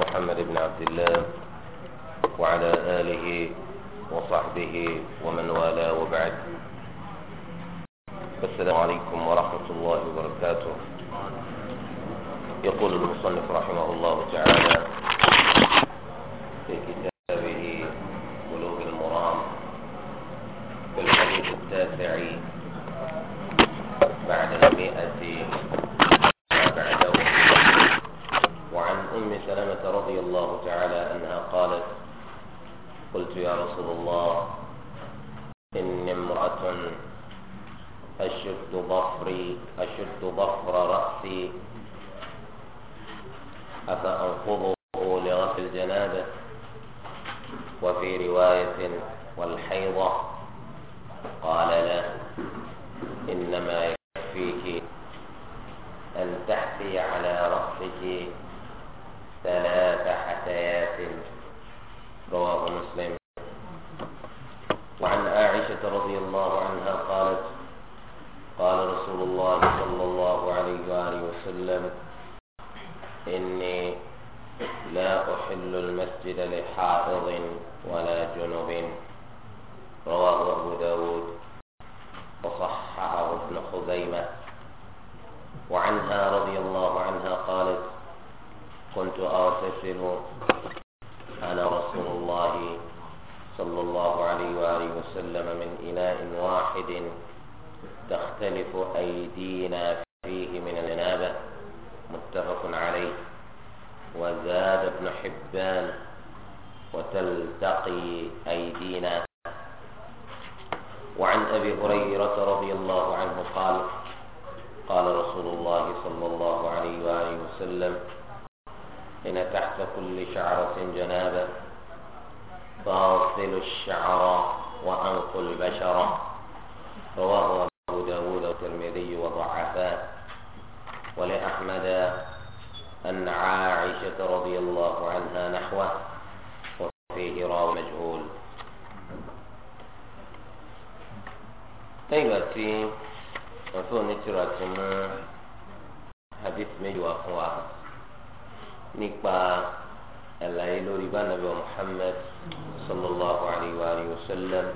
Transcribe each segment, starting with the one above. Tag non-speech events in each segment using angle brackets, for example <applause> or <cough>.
محمد بن عبد الله وعلى آله وصحبه ومن والاه وبعد السلام عليكم ورحمة الله وبركاته يقول المصنف رحمه الله تعالى في كتاب قلت يا رسول الله إني امرأة أشد ظفري أشد ظفر رأسي أفأنقضه لغسل الجنابة وفي رواية والحيضة قال لا إنما يكفيك أن تحثي على رأسك عائشة رضي الله عنها قالت قال رسول الله صلى الله عليه وآله وسلم إني لا أحل المسجد لحائض ولا جنب رواه أبو داود وصححه ابن خزيمة وعنها رضي الله عنها قالت كنت أغتسل أنا رسول الله صلى الله عليه وآله وسلم من إناء واحد تختلف أيدينا فيه من الجنابة متفق عليه وزاد ابن حبان وتلتقي أيدينا وعن أبي هريرة رضي الله عنه قال قال رسول الله صلى الله عليه وآله وسلم إن تحت كل شعرة جنابة فاصل الشعر وأنق البشرة رواه أبو داود والترمذي وضعفاه ولأحمد أن عائشة رضي الله عنها نحوه وفيه راو مجهول طيب في وفي نترة حديث مجوى نقبى àlàyé lórí bá nàbẹ Muhammad sallallahu alayhi wa sallam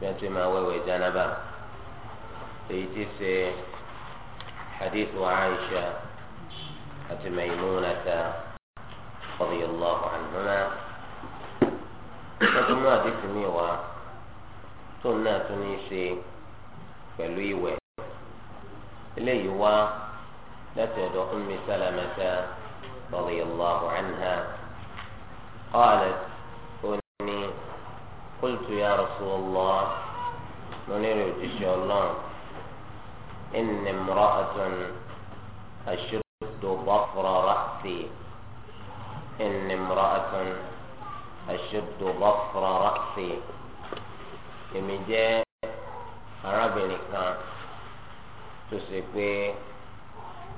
bí wọn ti máa wẹwẹ jánaba èyí ti ṣe hadith wa Aisha àti Maymunata radiyallahu anhuma wọn tún mú àdéhùn mi wá tó náà tún ní ṣe pẹ̀lú ìwẹ̀ eléyìí wá láti ọ̀dọ̀ Ummi Salamata. رضي الله عنها قالت إني قلت يا رسول الله منير تشي الله إن امرأة أشد ظفر رأسي إن امرأة أشد ظفر رأسي èmi jẹ arábìnrin kan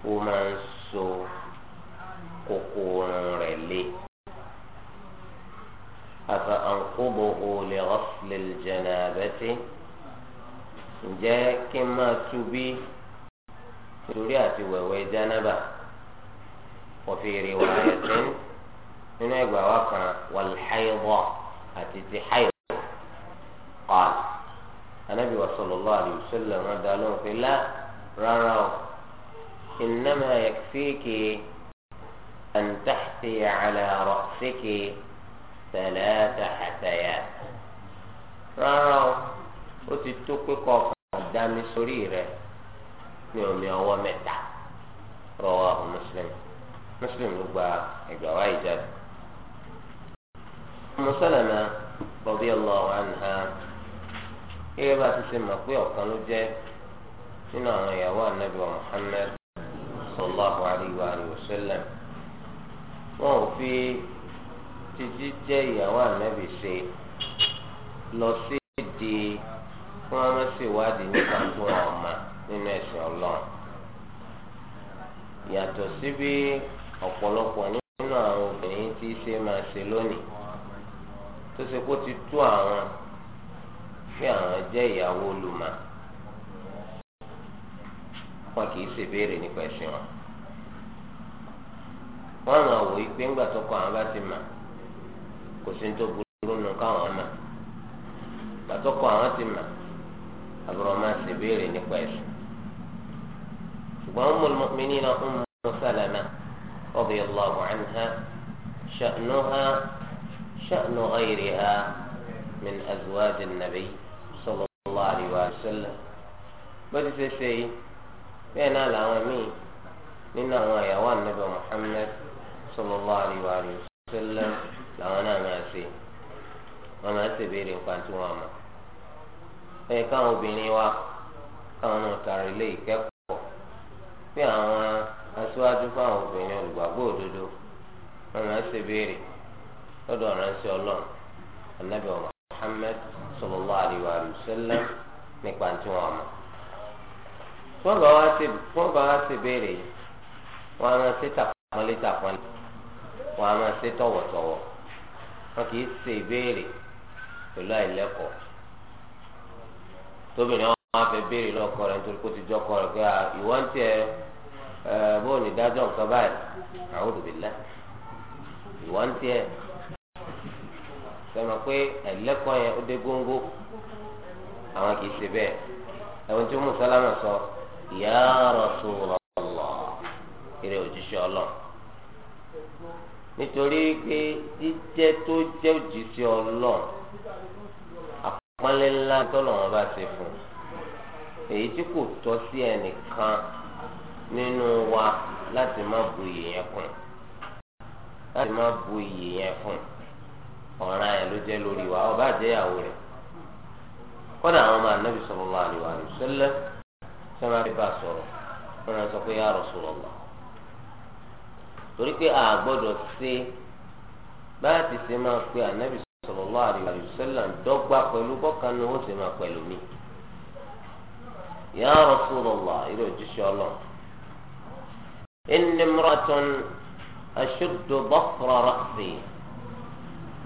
tó kòkòrò rẹ̀ lé. afa ankubuhu li ghasli aljanabati ǹjẹ́ kí n máa tubí torí àti wẹ̀wẹ̀ jánábà wa fi riwayatin nínú ẹgbàá wa kan wàlhàyìnbọ àti ti hàyìn qal anabi wa sallallahu alayhi wa sallam wọn dá lóhùn o innama yakfiki. أن تحتي على رأسك ثلاث حثيات رأوا وتتوقف قدام سريرة يوم يوم متى رواه مسلم مسلم يبقى الجوائز أم سلمة رضي الله عنها إيه بقى تسمى قوية وقالوا nínú àwọn ìyàwó anabi wa muhammed sallallahu alayhi wa sallam wọn ò fi títí jẹ́ ìyàwó ànábì ṣe lọ sí èdè kí wọ́n má ṣe ìwádìí nípa tó wọn mà nínú ẹ̀sìn ọlọ́run yàtọ̀ sí bí ọ̀pọ̀lọpọ̀ nínú àwọn obìnrin tí í ṣe máa ṣe lónìí tó ṣe kó ti tú àwọn kí àwọn jẹ́ ìyàwó olùmọ̀ wọn kì í ṣèbéèrè nípa ẹ̀sìn wọn wọ́n máa wò pé ńgbà tó kọ àwọn bá ti mà kò sí tó burú nù káwọn mà gbà tó kọ àwọn ti mà àbúrò máa ṣe béèrè nípa ẹ̀sìn ṣùgbọ́n ummul mu'minina Ummu Salama radiyallahu anha sha'nuha sha'nu ghayriha min azwaj nabi sallallahu alayhi wa bọ́dí ṣe ṣe yìí bẹ́ẹ̀ náà làwọn míì nínú àwọn ìyàwó ànábẹ́ Muhammad sallallahu alaihi wa sallam làwọn náà máa ṣe wọn máa ṣe béèrè nǹkan tí wọn mọ. ẹ káwọn obìnrin wa káwọn náà tara ilé ìkẹ́kọ̀ọ́ pé àwọn aṣáájú fáwọn obìnrin olùgbàgbọ́ òdodo wọn máa ṣe béèrè lọ́dọ̀ ránṣẹ́ ọlọ́run anabi Muhammad sallallahu alaihi wa sallam nípa tí wọn mọ. wọ́n bá wá ṣe béèrè wọn á máa ṣe tàpọ́nlé tàpọ́nlé. wọn a máa ṣe tọ̀wọ̀tọ̀wọ̀ wọn kì í ṣe ìbéèrè pẹ̀lú àìlẹ́kọ̀ọ́ tóbìnrin wọn máa fẹ́ béèrè lọ́kọ nítorí kó ti jọkọ rẹ̀ pé ìwọ ń tiẹ̀ bó ní dájọ́ nǹkan báyìí àwọn òbílẹ̀ ìwọ ń tiẹ̀ sọ̀rọ̀ pé àìlẹ́kọ̀ọ́ yẹn ó dé góńgó àwọn kì í ṣe tí mùsálámà sọ nítorí pé jíjẹ́ tó jẹ́ òjíṣẹ́ ọlọ́run àpọ́nlé ńlá tọ́lọ́run bá ṣe fún èyí tí kò tọ́ sí ẹnìkan nínú wa láti má bu iyì yẹn kún láti má bu iyì yẹn kún ọ̀ràn ẹ̀ ló jẹ́ lórí wa ọba àjẹyàwó rẹ̀ kódà àwọn ọmọ anábì sallallahu alaihi wasallam sẹ́lẹ̀ sẹ́wọ́n bá a wọn sọ pé ya Rasulullah torí pé a gbọ́dọ̀ ṣe bá a ti ṣe máa pe ànábì sallallahu alaihi wasallam dọ́gba pẹ̀lú bọkan ni wọn ṣe máa pẹ̀lú mi ya Rasulullah irú òjíṣẹ́ Ọlọ́run inni imra'atun ashuddu dhafra ra'si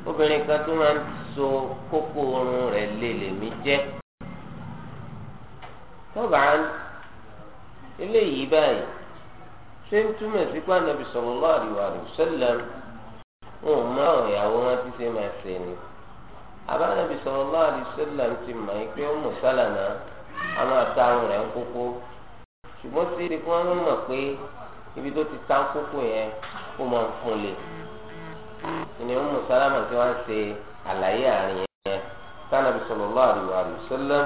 obìnrin kan tó máa ń so kókó ọrùn rẹ̀ lé lèmi jẹ́ tọ́ba eléyìí báyìí. ṣé ń túmọ̀ sí pé ànábì sallallahu alaihi wa sallam wọn ò mọ àwọn ìyàwó wọn ti máa ni àbánábì sallallahu alaihi wa sallam ti mọ̀ ẹ́ pé a máa ta ń kókó ṣùgbọ́n sí ibi kí wọ́n mọ̀ pé ibi tó ti ta kókó yẹn ó máa ń fún le ni Ummu Salama ti wá ṣe àlàyé àárín yẹn tánàbì sallallahu alaihi wa sallam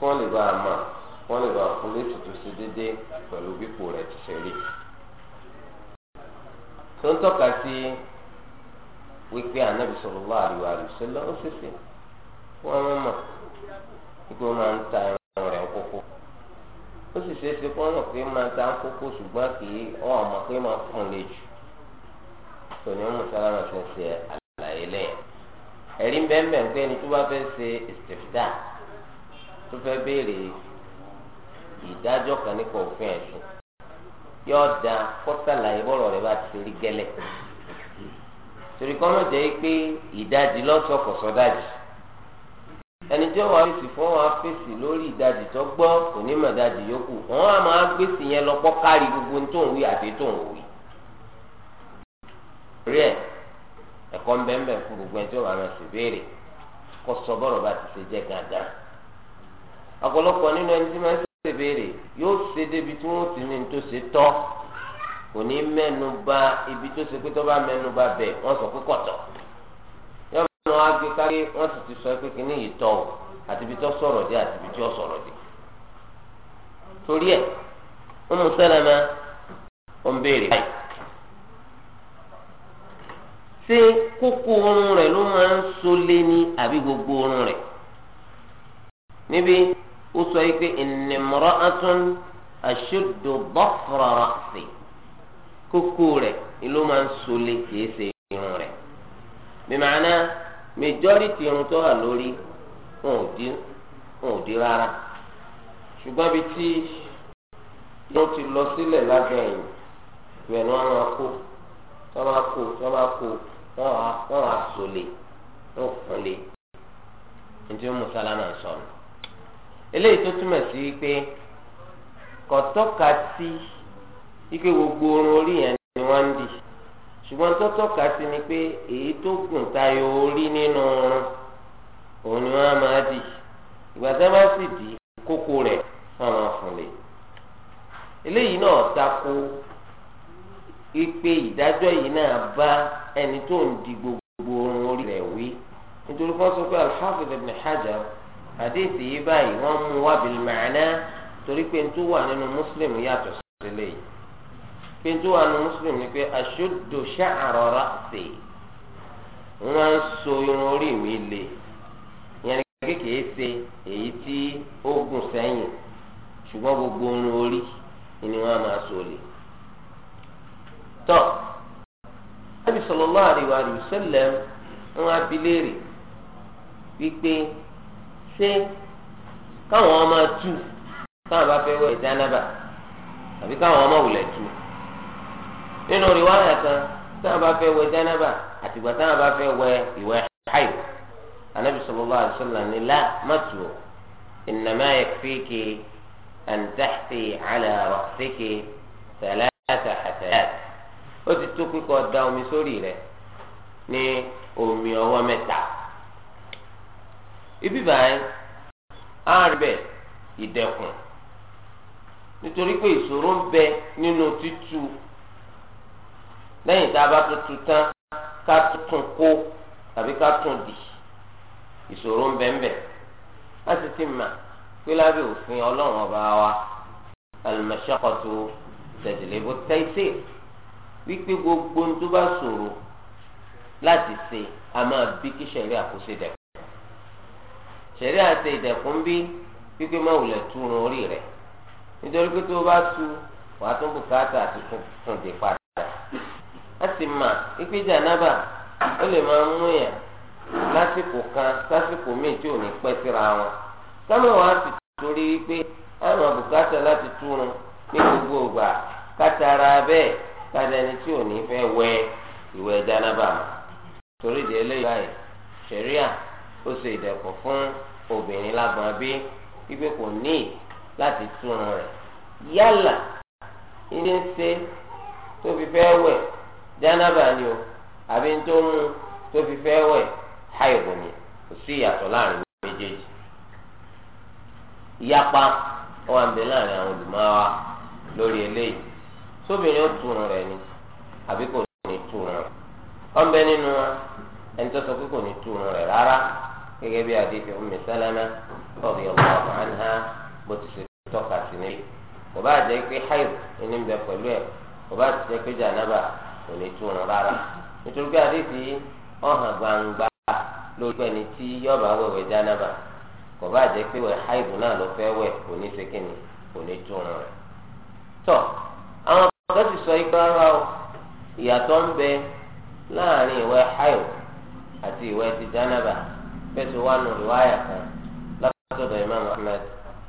kọ́ lè bá a mọ̀ wọ́n lè bá a fún létí tó ṣe pẹ̀lú bípò rẹ̀ ti ṣe rí. tó ń tọ́ka sí wípé anabi sallallahu alaihi wasallam ó ṣeéṣe wọn mọ máa ń ta ẹran rẹ̀ kókó ó sì ṣeéṣe kó wọn pé máa ta kókó ṣùgbọ́n kì í wọn mọ pé máa fún lè jù tòní ọmọ sálámà àlàyé lẹ́yìn ẹ̀rí ń bẹ́ẹ̀ pé ẹni tó bá fẹ́ ṣe tó fẹ́ béèrè yóò da kọ́sàlà ìbọ̀rọ̀ rẹ̀ bá ti rí gẹ́lẹ́ torí kọ́ náà jẹ́ pé ìdajì lọ́sọ̀ kọ̀sọ́ dajì ẹni tí wọ́n fèsì fún wọn fèsì lórí ìdajì tó gbọ́ kò ní mọ̀ ìdajì yòókù wọn á máa gbèsè yẹn lọ pọ́kárì gbogbo tó ń wí àti tó ń wí. rí ẹ ẹ̀kọ́ ńbẹ́ńbẹ́ fún gbogbo ẹni tí wọ́n máa sì béèrè kọ́sọ́ bọ́rọ̀ bá ti ṣe jẹ́ gàdá ọ̀pọ̀lọpọ̀ nínú ẹni tí ṣe béèrè yóò ṣe débi tí wọ́n ti ní tó ṣe tọ́ kò ní mẹ́nu bà ibi tó ṣe pé tó bá mẹ́nu bà bẹ̀ wọ́n sọ pé kọ̀tọ̀ yóò mẹ́nu wá gbé káyé wọ́n sì ti sọ pé kíní yìí tọ́ o àti ibi tó sọ̀rọ̀ dé àti ibi tí ó sọ̀rọ̀ dé torí ẹ̀ Ummu Salama ó ń béèrè báyìí ṣé kókó oorun rẹ̀ ló máa ń so lé ní àbí gbogbo oorun rẹ̀ níbi ó sọ yìí pé ìnìmọ̀rọ̀ atún aṣọ́dọ̀ bọ́fọ̀rọ̀ sí kókó rẹ̀ ló máa ń sọlé kìí ṣe irun rẹ̀ bìmọ̀nà mẹjọ́rìtì irun tó wà lórí wọn ò dín wọn ò ṣùgbọ́n ibi tí irun ti lọ sílẹ̀ lábẹ́ ẹ̀yìn ìwẹ̀ ni wọ́n máa kó wọ́n máa kó wọ́n máa kó wọ́n máa sọ̀rọ̀ eléyìí tó túmọ̀ sí pé kọ̀tọ́ka sí ike gbogbo orun orí yẹn ni wọ́n ń di ṣùgbọ́n tó tọ́ka sí ni pé èyí tó gùn tayọ orí nínú oorun òun ni wọ́n á máa di ìgbà tí wọ́n bá sì di kókó rẹ̀ wọ́n máa fún lè. eléyìí náà tako ipe ìdájọ́ yìí náà bá ẹni tó ń di gbogbo orun orí rẹ̀ wí nítorí fọ́n sọ pé al-Hafiz àdéhìsì yìí báyìí wọn mú wa bil ma'na torí pé ntú wà nínú mùsùlùmí yàtọ̀ sílẹ̀ yìí pé ntú wà nínú mùsùlùmí ni pé ashuddu so irun orí mi le ìyẹn ní kékeré ṣe èyí tí ó gùn sẹ́yìn ṣùgbọ́n gbogbo irun orí ni wọ́n máa so le tọ́ Nabi nwa alaihi wa ṣé káwọn ọmọ tú káwọn bá fẹ́ wọ ìdánábà àbí káwọn ọmọ wulẹ̀ tú nínú rìwáyà kan táwọn bá fẹ́ wọ ìdánábà àtìgbà táwọn bá fẹ́ wọ ìwẹ̀ ṣáìwò anabi sallallahu alaihi wasallam ni la má tu o innama yakfiki an tahthi ala ra'siki thalatha hathayat ó ti tó kíkọ da omi sórí rẹ̀ ní omi ọwọ́ mẹ́ta ibi báyìí á rí bẹ ìdẹkùn nítorí pé ìṣòro ń bẹ nínú títú lẹ́yìn tá a bá tuntun tán ká tuntun kó tàbí ká tún dì ìṣòro ń bẹ ń bẹ láti ti mà pé lábẹ́ òfin ọlọ́run ọba wa al-mashaqqatu tajlibu at-taysir wípé gbogbo ń tó bá ṣòro láti ṣe a máa bí kí sẹ̀rí àkóso dẹ̀. ṣẹ̀rí àti ìdẹ̀kùn bí pípé má wulẹ̀ túrun orí rẹ̀ nítorí pé tó o bá tu wàá tún bùkátà àti tuntun dé padà a sì mà pípé jànábà ó lè máa mú yàn lásìkò kan sásìkò míì tí ò ní pẹ́ síra wọn sámọ̀ wàá sì torí wípé àwọn bùkátà láti túrun ní gbogbo ìgbà kátàrà bẹ́ẹ̀ kádà ẹni tí ò ní fẹ́ wẹ ìwẹ̀ jànábà torí ìdí eléyìí báyìí ṣẹ̀ríà ó ṣe ìdẹ̀kùn fún. obìnrin lágbọn bí wípé kò ní láti túnra rẹ̀ yálà ilé ń ṣe tó fi fẹ́ wẹ̀ jánábà ni o àbí tó mú tó fi fẹ́ wẹ̀ háìwò ni kò sí ìyàtọ̀ láàrin méjèèjì ìyapa ó wà ń bẹ láàrin àwọn olùmọ́wá lórí eléyìí sóbìnrin ó túnra rẹ̀ ni àbí kò ní túnra rẹ̀ ọ̀nbẹ nínú wa ẹni tó sọ pé kò ní túnra rẹ̀ rárá gẹ́gẹ́ bí àdéhùn Ummi Salama radiyallahu anha bó ti ṣe tọ́ka sí ní. kò bá jẹ́ pé haid ẹni ń bẹ pẹ̀lú ẹ̀ kò bá jẹ́ pé jànábà kò ní tún un rárá. nítorí pé àdéhùn yìí wọ́n hàn gbangba lórí pé ẹni tí yọ̀bà wẹ̀wẹ̀ jànábà kò bá jẹ́ pé wẹ̀ haid náà ló fẹ́ wẹ̀ kò ní ṣe kíni kò ní tún un rẹ̀. tọ́ àwọn kan ti sọ ipá ara o ìyàtọ̀ ń bẹ láàrin ìwẹ̀ haid àti ìwẹ̀ ti jànábà bẹ́ẹ̀ wá nù riwaya kan látọ̀dọ̀ imam ahmed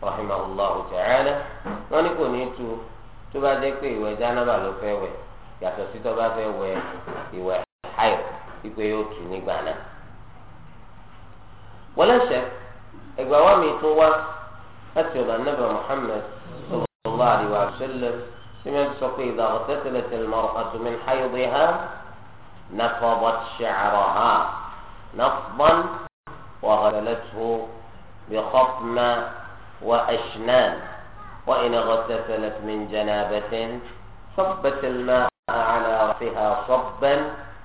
rahimahullahu ta'ala wọ́n ní kò ní tu tó bá jẹ́ pé ìwẹ̀ jánábà ló fẹ́ wẹ̀ yàtọ̀ sí tó bá fẹ́ wẹ ìwẹ̀ ayọ̀ wípé yóò tù nígbà náà. wọ́n lẹ́sẹ̀ ẹgbẹ́ wa mi tún wá láti ọ̀dọ̀ anábà muhammed sallallahu alayhi wa sallam tí wọ́n sọ pé idha ghtasalatil mar'atu min haydiha nafadat sha'raha nafdan. وغسلته بخطم وأشنان وإن اغتسلت من جنابة صبت الماء على رأسها صبا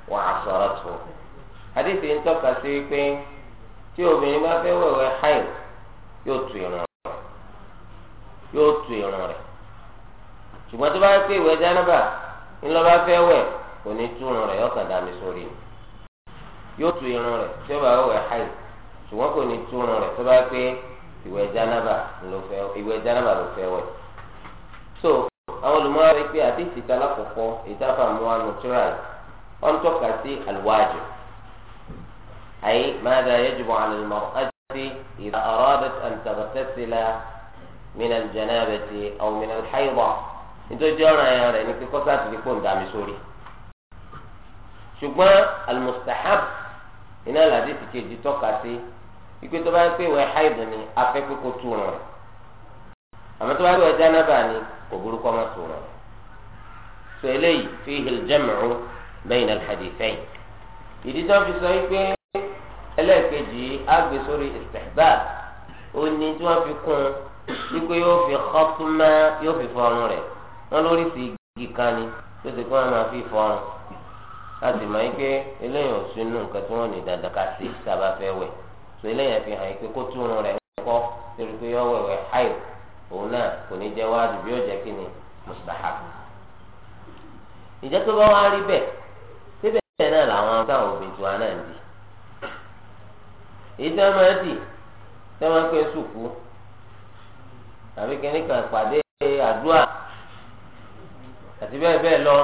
وعصرته حديث انت كثيرين tí obìnrin bá fẹ́ wẹ̀wẹ̀ haid yóò tu irun rẹ̀ yóò tu irun rẹ̀ ṣùgbọ́n tó bá pé ìwẹ̀ jánábà ńlọ bá fẹ́ wẹ̀ kò ní tu irun rẹ̀ yóò kàn dá mi sórí yóò tu irun rẹ̀ tí ó bá wẹ̀wẹ̀ haid ṣùgbọ́n kò ní túnú rẹ̀ tó bá pé ìwẹ̀ jánábà ló fẹ́ ìwẹ̀ jánábà ló fẹ́ wẹ̀. so àwọn olùmọ̀ràn rẹ̀ pé àti ìsìta lákòókò ìjáfà muhammed turan wọ́n tọ́ka sí alwajib àyè madha yajibu ala al-mar'ati idha aradat an taghtasila min al-janabati aw min al-hayda nítorí ọ̀ràn ẹ̀yàn rẹ̀ ní kíkọ́ sáà ti di kó ń dàmí sórí. ṣùgbọ́n al-mustahab iná làdí ti kejì tọ́ka ìgbé tó bá yẹ pé ìwẹ̀ haid ni afẹ́ pé kó tu ràn àmọ́ tó bá yẹ ìwẹ̀ janaba ni kò burú kọ́ má tu ràn sọ eléyìí fihi al-jam'u bayna al-hadithayn ìdí tó fi sọ wípé ẹlẹ́ẹ̀kejì àgbè sórí istihbab ó ní tí wọ́n fi kún wípé yóò fi khatma yóò fi fọrun rẹ̀ wọ́n lórí sí igi kan ni tó ti kí wọ́n máa fi fọrun láti mọ̀ wípé eléyìí ò sínú nǹkan tí so eléyàn fi hàn yìí pé kó túrun rẹ̀ kọ́ torí pé yọ wẹ̀wẹ̀ haid òun náà kò ní jẹ́ wájú bí yóò jẹ́ kí ni mustahab. ìjẹ́ tó bá wá rí bẹ́ẹ̀ síbẹ̀ bẹ́ẹ̀ náà làwọn táwọn òbí tiwa náà ń di. èyí tí wọ́n máa dì tí wọ́n máa pẹ́ sùkú tàbí kíní kan pàdé àdúrà àti bẹ́ẹ̀ bẹ́ẹ̀ lọ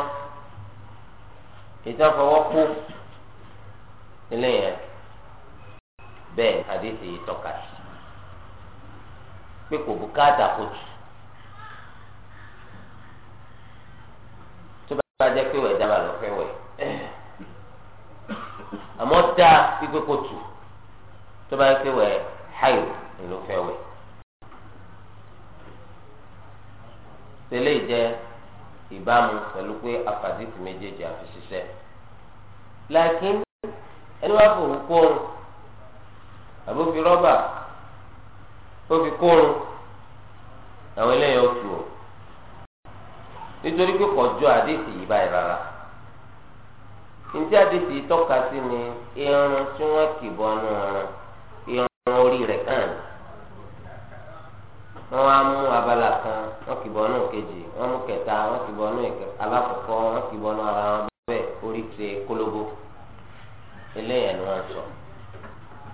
èyí fọwọ́ kú eléyàn bẹ́ẹ̀ hadithi yìí tọ́ka sí pé kò bùkátà kò tù tó bá jẹ́ pé wẹ̀ dábàá lọ fẹ́ wẹ̀ àmọ́ dá pípé kò tù tó bá jẹ́ pé wẹ̀ háìl ló fẹ́ wẹ̀ tẹ́lẹ̀ jẹ́ ìbámu pẹ̀lú pé afadithi méjèèjì àfi ṣiṣẹ́ lákìn ẹni wàá fòrúkọ́ ọ̀run àbí ó fi rọ́bà ó fi kórun àwọn eléyìí ó tù ọ́ nítorí pé kọjọ àdéhìí yìí báyìí rárá ntí àdéhìí tọ́ka sí ni irun tí wọ́n kì bọ́nú ọrùn irun orí rẹ̀ kàn wọ́n á mú abala kan wọ́n kì bọ́nú kejì wọ́n mú kẹta wọ́n kì bọ́nú alákọ̀ọ́kọ́ wọ́n kì bọ́nú ara wọn bẹ́ẹ̀ orí ṣe kólóbó eléyìí ni wọ́n sọ. So.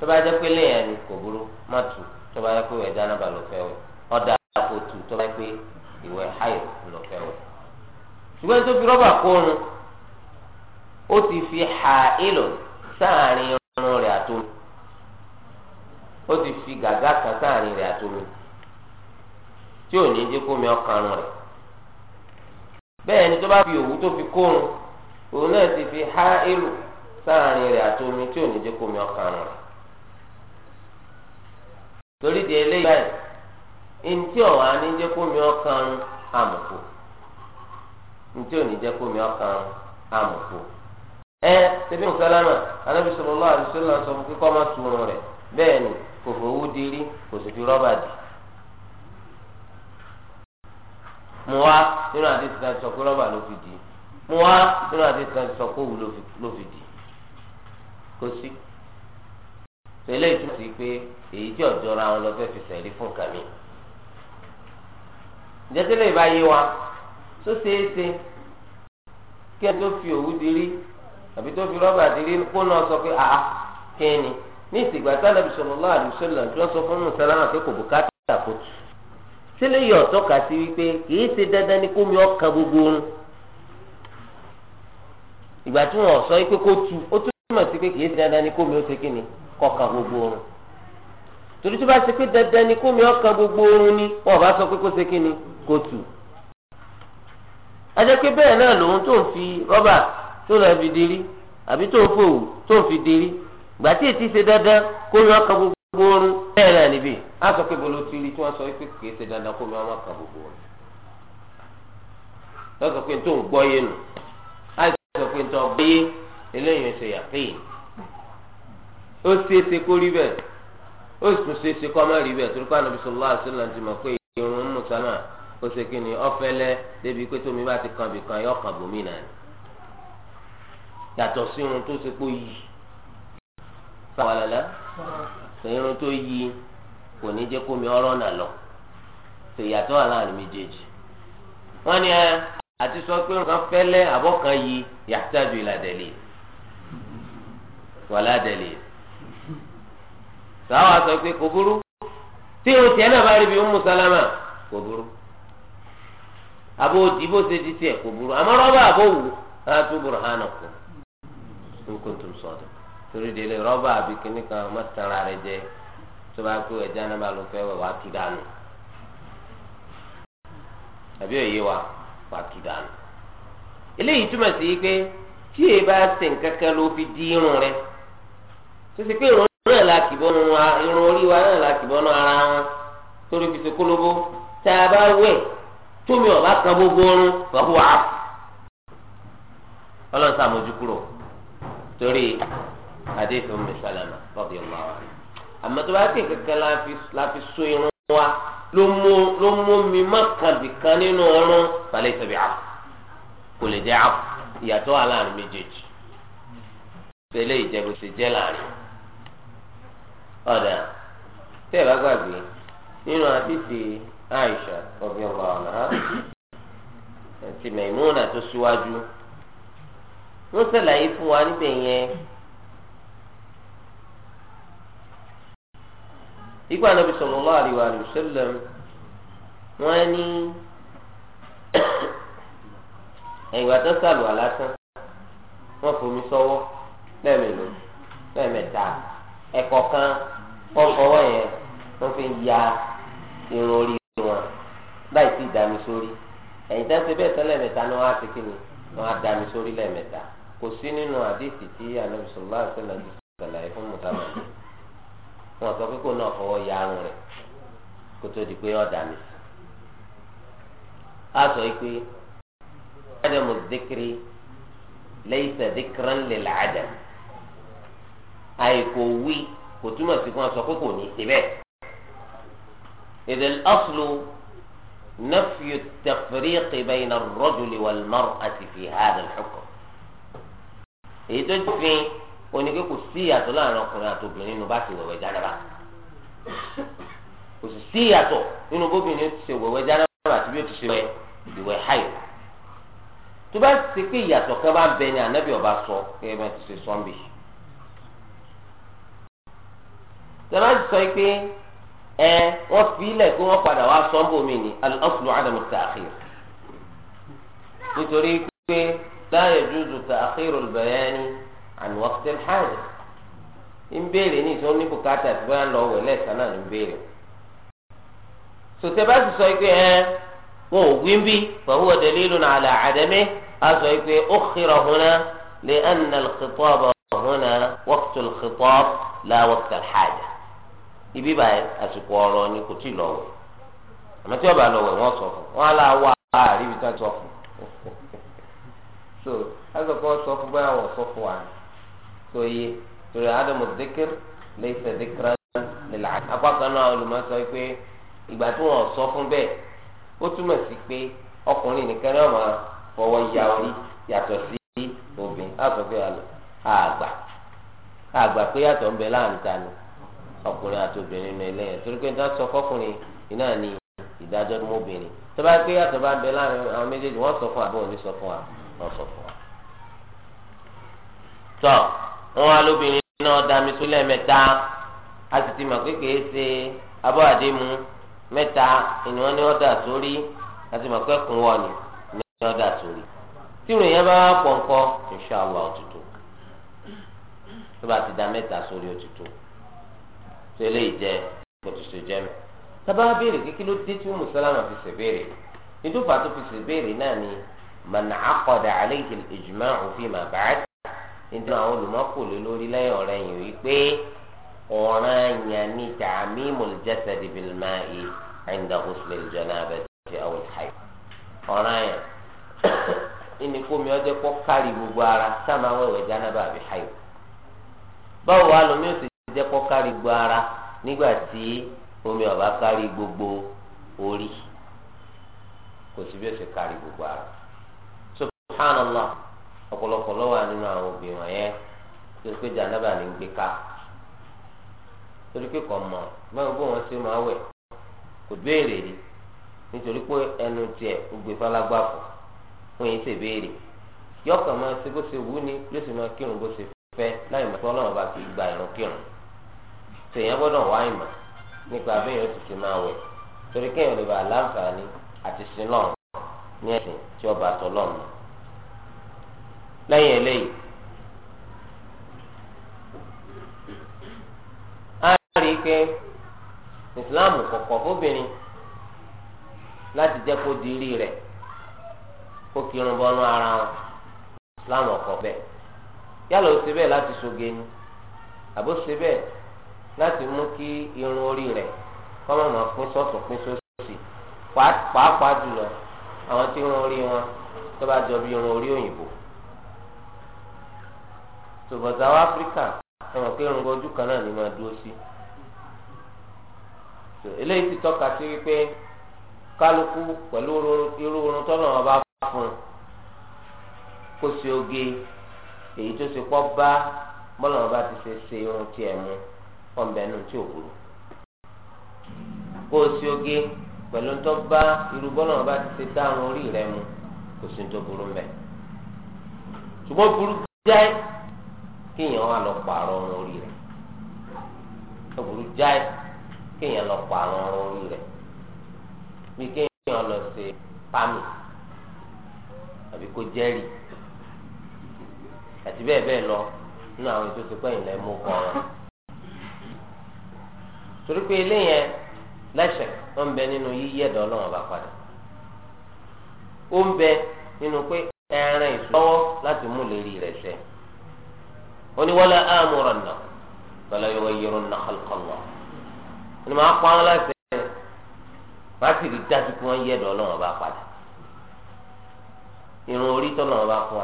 tọba bá jẹ́ pé léyìn kò burú má tu tó bá jẹ́ pé ìwẹ̀ jánaba ló fẹ́ wẹ̀ ọ̀dà kò tu tó bá pé ìwẹ̀ haid fi rọ́bà kórun ó ti fi ha sáàrin ti fi gàgá kan sáàrin rẹ̀ àtomi tí ò ti fi ha sáàrin rẹ̀ torí di eléyìí báyìí ntí ọ̀wá ní jẹ́ kó mi ọkàn àmùkù ntí ò ní jẹ́ kó mi ọkàn àmùkù. ẹ tẹbi nsálámà anábì sallallahu sọ fún kíkọ́ rẹ̀ bẹ́ẹ̀ ni kò fowó dirí kò sì fi rọ́bà dì. mo wá nínú àti ìsìnkà sọ pé rọ́bà ló fi dì wá nínú àti sọ pé òwú ló fi kò sí. tẹlẹ ìtumọ̀ pe pé èyí tí ọ̀jọ́ra wọn lọ fẹ́ fi sẹ̀rí fún kàmí. ǹjẹ́ tẹ́lẹ̀ wa tó ṣeé fi òwú dirí àbí tó fi rọba dirí kó náà sọ pé àá kí ni ní ìsìgbà sálẹ̀ sallallahu alaihi wasallam tí wọ́n sọ fún mùsàlámà pé kò bùkátà kò tù. tẹ́lẹ̀ yọ̀ sí wípé kìí ṣe dandan ni gbogbo ohun. ìgbà tí wọ́n sọ pé kó tu ó túmọ̀ sí pé kìí kọkàn gbogbo oorun torí tó bá ṣe pé dandan ni kó mi ọkàn gbogbo ni wọn bá sọ pé kó ṣe kí ni kó tù ajẹ́ pé bẹ́ẹ̀ náà lòun tó ń fi rọ́bà tó lọ́ọ́ fi diri àbí tó ń fòwò tó ń fi diri gbà tí ètí ṣe dandan kó mi ọkàn gbogbo oorun bẹ́ẹ̀ náà níbí a sọ pé bolo ti rí tí wọ́n gbogbo ó ṣeéṣe kó rí bẹ́ẹ̀ ó tún ṣeéṣe kó má rí bẹ́ẹ̀ torí pé Ànábì sallallahu alaihi wasallam ti mọ̀ pé irun mùsàlá ó ṣe kí ni ọ̀fẹ́lẹ́ débi pé tómi bá ti kan bì kan yọ kan bòmí náà ni yàtọ̀ sí irun tó ṣe pé yí sáwọn irun tó yí kò ní jẹ́ kómi ọ̀rọ̀ náà lọ ṣèyàtọ̀ àláàrin méjèèjì wọ́n ní àti sọ pé nǹkan fẹ́lẹ́ àbọ̀kan yí yàtọ̀ àbí ìlàdẹ̀lẹ̀ wàládẹ̀lẹ̀ sàwọn àṣọ pé kò burú tí o tiẹ̀ náà bá rí bí Ummu Salama kò burú àbò òdì bó ṣe di tiẹ̀ kò burú àmọ́ rọ́bà àbò wù láti burhanakum in kuntum sadiq torí délé rọ́bà àbí kíní kan mọ́tara rẹ jẹ tó bá pé ẹja náà bá lọ fẹ́ wẹ̀ wá tú dànù àbí òye wa wá tú dànù eléyìí túmọ̀ sí pé tí èyí bá ṣe nǹkan kan ló fi di irun rẹ tó ṣe pé irun náà la kìbọnú irun orí wa náà la kìbọnú ara wọn torí fìtí kólóbó tá a bá wẹ̀ tómi ọba kan gbogbo ọrùn wàhùn wàá ọlọ́run sàmójú kúrò torí àdéhùn Ummu Salama radiyallahu anha àmọ́ tó bá kí kankan la fi so irun wa ló mú mi má kàbì kan nínú ọrùn balẹ̀ ìsọ̀bì àpò kò lè jẹ́ àpò ìyàtọ̀ wà méjèèjì tẹ́lẹ̀ ìjẹ́bù jẹ́ láàrin. ọ̀dà tẹ́ ẹ bá gbàgbé nínú àdìsí Aisha ọ̀bí ọ̀bà ọ̀nà Maimuna tó síwájú wọ́n ṣàlàyé fún wa níbẹ̀ yẹn. ikú anabi sallallahu alaihi wa sallam wọ́n ní ẹ̀yìn àtọ́ sàlùwà lásán wọ́n fomi sọ́wọ́ lẹ́ẹ̀mẹ́lò lẹ́ẹ̀mẹ́ta. ẹ̀kọ́ kan wọ́n fọwọ́ yẹn fi ń ya irun orí wọn láì sí ìdámi sórí ẹ̀yìn tẹ́ ń ṣe bẹ́ẹ̀ tán lẹ́ẹ̀mẹ́ta ni wọ́n á ti kí ni wọ́n á dámi sórí lẹ́ẹ̀mẹ́ta kò sí nínú àdéhìí tí Ànábì sallallahu alaihi wasallam ṣàlàyé fún mùsàlùmí wọn sọ pé kó náà ya arun kó tó di pé sí. a sọ pé àìkò wí kò túmọ̀ sí fún aṣọ pé kò ní ṣe bẹ́ẹ̀. إذ الأصل نفي التفريق بين الرجل والمرأة في هذا الحكم èyí tó fin oníke kò sí ìyàtọ̀ láàrin ọkùnrin àti obìnrin nínú bá ṣe wẹ̀wẹ̀ jánábà kò sì sí ìyàtọ̀ nínú bóbìnrin ṣe wẹ̀wẹ̀ jánábà àti bí ó ti ṣe wẹ̀ ìwẹ̀ háyò tó bá ṣe pé ìyàtọ̀ kan bá ń bẹ ní ànábì ọba sọ kẹ́ẹ́ bá ti ṣe sọ́ńbì yìí. tẹ̀lá ti sọ pé ẹ wọ́n fi ilẹ̀ kí wọ́n padà wá sọ́ńbù mi ni al-aslu adamu ta'khir nítorí pé la yajuzu ta'khiru al-bayani an waqt al-haja ń béèrè ní ìsọ ní bùkátà tí wọ́n lọ wẹ̀lẹ̀ sánà ń béèrè sọtẹ́ bá ti sọ pé ẹ wọn ò wí bí fa huwa dalilun ala adami a sọ pé ukhira huna li anna al-khitaba huna waqt al-khitab la waqt al-haja ibi báyìí àsìkò ọ̀rọ̀ ni kò tíì lọ wẹ̀ àmọ́ tí ọba lọ wẹ̀ wọ́n sọ fún wọn á là wá àárí ibi tí wọ́n sọ fún <laughs> so azọkọ sọ fún báyà wọ sọ fún wa so yé torí adamu dikir lẹsẹ dikira lẹla akpákan náà olùmọ̀sọ pé ìgbà tí wọ́n sọ fún bẹ́ẹ̀ ó túmọ̀ sí pé ọkùnrin nìkan náà máa fọwọ́ ya orí yàtọ̀ sí obìnrin àgbà àgbà pé yàtọ̀ ń bẹ láàrin ta ni ọkùnrin àti obìnrin nínú ilé yẹn torí pé níta sọ fọkùnrin iná ni. ìdájọ́ mọ́bìnrin tó bá pé yàtọ̀ bá ń bẹ láàrin àwọn méjèèjì wọ́n sọ fún àbọ̀ òní sọ fún wa wọ́n sọ fún wa. tọ́ wọn wá lóbìnrin náà dá sólẹ̀ mẹ́ta a sì ti mọ̀ pé kìí ṣe abọ́ àdému mẹ́ta ni wọ́n ní ọ̀dà sórí a sì mọ̀ pé kùn wọ̀ ni ní ọ̀dà sórí. tí ìròyìn yẹn bá wà pọ̀ ńkọ́ inṣàlá òtútù tó bá ti dá mẹ́ta sórí òtútù. tẹ́lẹ̀ ìjẹ́ gbọ́dọ̀ ṣe jẹ́ mi. sábà béèrè kíkí ló dé tí Ummu fi ṣe béèrè nítorí tó fi ṣe béèrè náà ni man aqada alayhi al-ijma'u fima nítorí àwọn lórí yìí wípé yẹn ni jasadi bil ma'i 'inda ghusl al-janabati aw al-hayd ọ̀ràn yẹn <coughs> ọjọ́ gbogbo ara sáà máa wẹ̀wẹ̀ jẹ́ kó kárí gbogbo ara nígbà tí omi ọ̀bá kárí gbogbo orí kò sí bí ó ṣe kárí gbogbo ara subhanallah ọ̀pọ̀lọpọ̀ ló wà nínú àwọn òbí wọn yẹn torí pé jàǹdàbà ní gbé ká torí pé kò mọ̀ báwo bó wọn ṣe máa wẹ̀ kò béèrè rí nítorí pé ẹnu tiẹ̀ ó gbé falágbá fún fún yín ṣe béèrè yọkàn máa ṣe bó ṣe wú ni yóò sì máa kírun bó ṣe fẹ́ láì mọ̀ pé ọlọ́run bá gba ìrun kírun tèèyàn gbọ́dọ̀ wá ìmọ̀ nípa abẹ́yẹn ti ti máa wẹ̀ torí kéèyàn lè bá a láǹfààní àti sinọ́ọ̀ ní ẹ̀sìn tí ọba àtọ́lọ́ọ̀nù lẹ́yìn eléyìí. rí i pé islam kọ̀kọ̀ fóbìnrin láti jẹ́ kó di rí rẹ̀ kó kírun bọ́nú ara wọn islam ọ̀kọ̀ bẹ́ẹ̀ yálà ó ṣe bẹ́ẹ̀ láti ṣoge ni àbó ṣe bẹ́ẹ̀ láti mú kí irun orí rẹ̀ kọ́mọ̀ máa pín sọ́tún pín sósì pàápàá jùlọ àwọn tí irun orí wọn tó bá jọ bí irun orí òyìnbó ṣùgbọ́n South Africa ẹ̀wọ̀n pé irun ojú kan náà ni máa dúró sí eléyìí ti tọ́ka sí wípé kálukú pẹ̀lú irú irun tọ́nà wọn bá fún un kó ṣe oge èyí tó ṣe pọ́ bá bọ́lá wọn bá ti ṣe ṣe irun tiẹ̀ mu. ọ̀nbẹ nù tí ò burú kó o sí oge pẹ̀lú tó bá irú bọ́lá wọn bá ti ṣe dá orí rẹ mu kò sí tó burú mbẹ ṣùgbọ́n burú jẹ́ kéèyàn wà lọ pààrọ̀ ọ̀run orí rẹ tó burú jẹ́ kéèyàn lọ pààrọ̀ orí rẹ bí kéèyàn lọ ṣe àbí kó àti bẹ́ẹ̀ bẹ́ẹ̀ lọ nínú àwọn ètò ìsìnkú ẹ̀yìn torí pé eléyẹn lẹ́sẹ̀ ó ń bẹ nínú yíyí ẹ̀dọ̀ ọba padà ó ń bẹ nínú pé ẹran ìsọwọ́ láti mú lérí rẹ̀ sẹ́ oníwọlé àmúràn náà bala yọwọ yẹrọ na xalqallah ẹni máa kpọ́n ala sẹ́ máa dájú kí yẹ ọba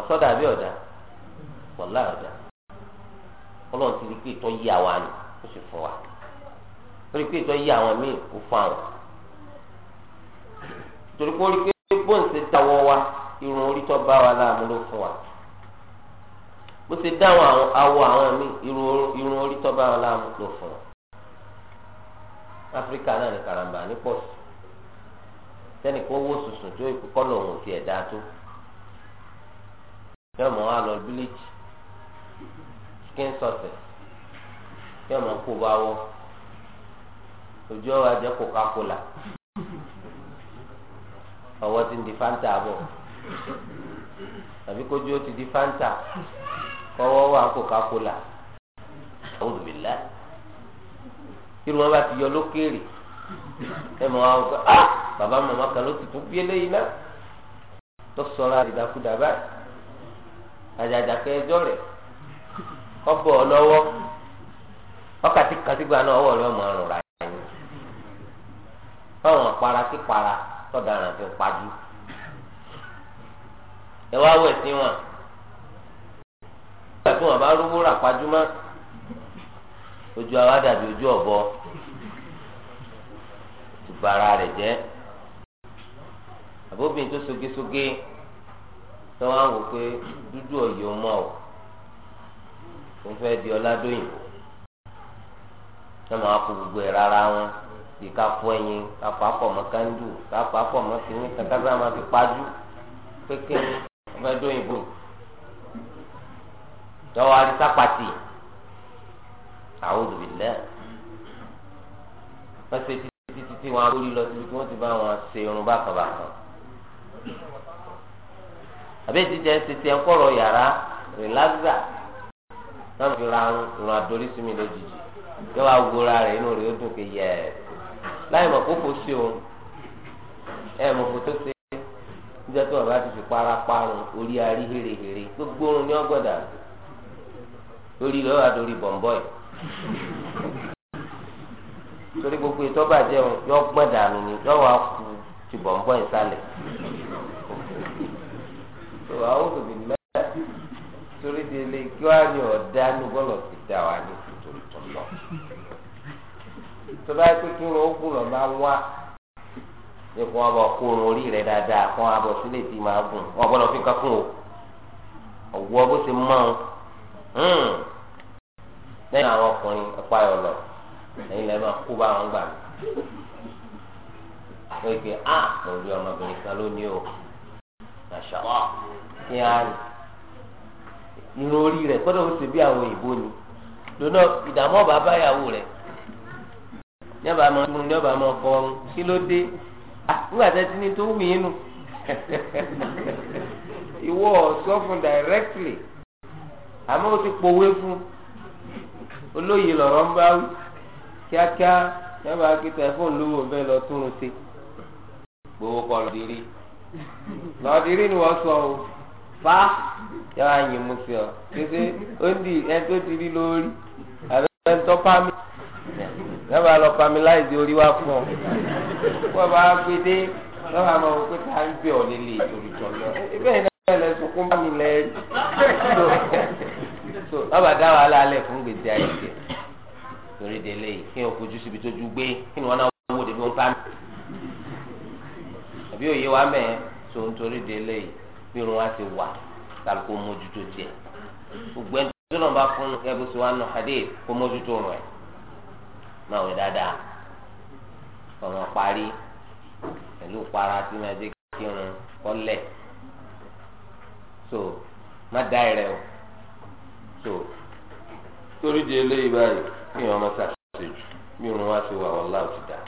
padà irun torí pé ìtọ́ yí àwọn míì kò fún àwọn torí pé orí pé dáwọ́ wa irun orí tó bá wa láàmú ló fún wa awọ àwọn míì irun orí tó bá wa láàmú ló fún wa áfíríkà náà ní karambà ní pọ̀ sí sẹ́ni kó wó sùsùn tó kọ́ lòun ò tiẹ̀ tó yóò wá skin yóò ojú ọwọ́ ajẹ́ coca cola ọwọ́ ti ń di fanta bọ̀ tàbí kójú ó ti di fanta kọ́wọ́ wà coca cola ọ̀hún mi wọn bá ti yọ lókèrè ẹ mọ àwọn ah! bàbá màmá kan ló ti tún bí eléyìí náà tó sọra ìdàkudà báyìí àjàjà ẹjọ rẹ ọ fáwọn parakípara tọ́daràn fi pajú ẹ wá wẹ̀ sí wọn nígbà tí wọn bá rówó rà pajú mọ́ ojú àwa dàbí ojú ọ̀bọ tùbàrà rẹ̀ jẹ́ àbóbìnrin tó sogesoge tọ́wọ́ àwọn pé dúdú ọ̀yọ́ mọ́ ọ́ òun fẹ́ di ọládóyìnbó náà máa kó gbogbo ẹ̀ rárá wọn. bí ká fọ ẹyin ká fà pọ̀ mọ́ kándù ká fà pọ̀ mọ́ kínní kankan sáà máa fi pàjù pékè ọmọ ẹdọ òyìnbó tọ́wọ́ adisapati àwọn olùbílẹ̀ wọ́n ṣe títí títí wọn agbórí lọ síbi tí wọ́n ti bá wọn ṣe irun bákan bákan àbẹ́ẹ̀ jíjẹ ṣe ti ẹ̀kọ́rọ̀ yàrá rìláxà náà fi ra irun àdórí sí mi lójijì yóò wá wúra inú rẹ̀ ó dùn kéye ẹ̀. láì mọ̀ kófò sí òun ẹ̀ mọ̀ kó tó ṣe é níjọ́ ti para orí arí hérehère gbogbo orun lórí lọ́wọ́ àdórí bọ̀m̀bọ̀ì torí gbogbo ètò yọ gbọ́n ni lọ́wọ́ àkú ti bọ̀m̀bọ̀ì sálẹ̀ tó àwọn mẹ́ta torí délé kí ní ọ̀dá tó bá pé kí ogun lọ máa wá ẹ̀kọ́ wọn bọ̀ kó irun orí rẹ̀ dáadáa kó wọn bọ̀ sílẹ̀ tí máa gùn wọn bọ̀ fi kankun o ọ̀wọ́ bó ṣe mọ́ ọ́n hmm. lẹ́yìn àwọn ọkùnrin ẹ̀pá yọ̀ lọ lẹ́yìn lẹ́yìn máa kó bá wọn gbà mí ó ké a ah, mo rí ọmọbìnrin kan lónìí o àṣà kí á irun orí rẹ̀ kọ́dọ̀ ó ṣe bí àwọn òyìnbó ni lónà ìdààmú ọba báyàwó rẹ̀ ní ọba máa gbóni ní ọba máa fọrun kí ló dé nígbà tí a ti ní tó wù yín nù <laughs> ìwọ sọ fún directly àmọ́ o ti pòwe fún olóyè lọ́rọ̀ ń bá wí kíákíá ní ọba akitọ ẹ̀fọ́n lówó bẹ́ẹ̀ lọ tún un ṣe gbowó kọ lọ́dìrí lọ́dìrí ni wọ́n sọ o fa yọ anyi mu sí ọ kéde ó ń di ẹ tó ti rí lórí àbẹ ẹ ń pa mi lọ́ba lọ pami láì di orí wa fún ọ wọ́n bá gbé dé lọ́ba máa wọ pé ká ń gbé ọ nílé ìtòrí jọ lọ ibẹ̀ yìí náà bẹ̀rẹ̀ sunkún bá mi lẹ̀ so lọ́ba dá wàhálà alẹ̀ fún gbèsè ayé jẹ torí délé yìí kí n fojú síbi tó ju gbé kí ni wọ́n náà wọ́n wò débi wọ́n pami àbí òye wa mẹ́ẹ̀ so nítorí délé yìí bí irun wa ti wà kálukú mójútó tiẹ̀ gbogbo ẹni tó lọ́ba máa wẹ̀ dáadáa ọmọ parí pẹ̀lú para tí máa jẹ́ kí irun kọ́lẹ̀ so má dá ẹ̀rẹ̀ o so torí di eléyìí báyìí kí irun ọmọ ṣàṣejù bí irun wá sí wà wọ́n láò ti dà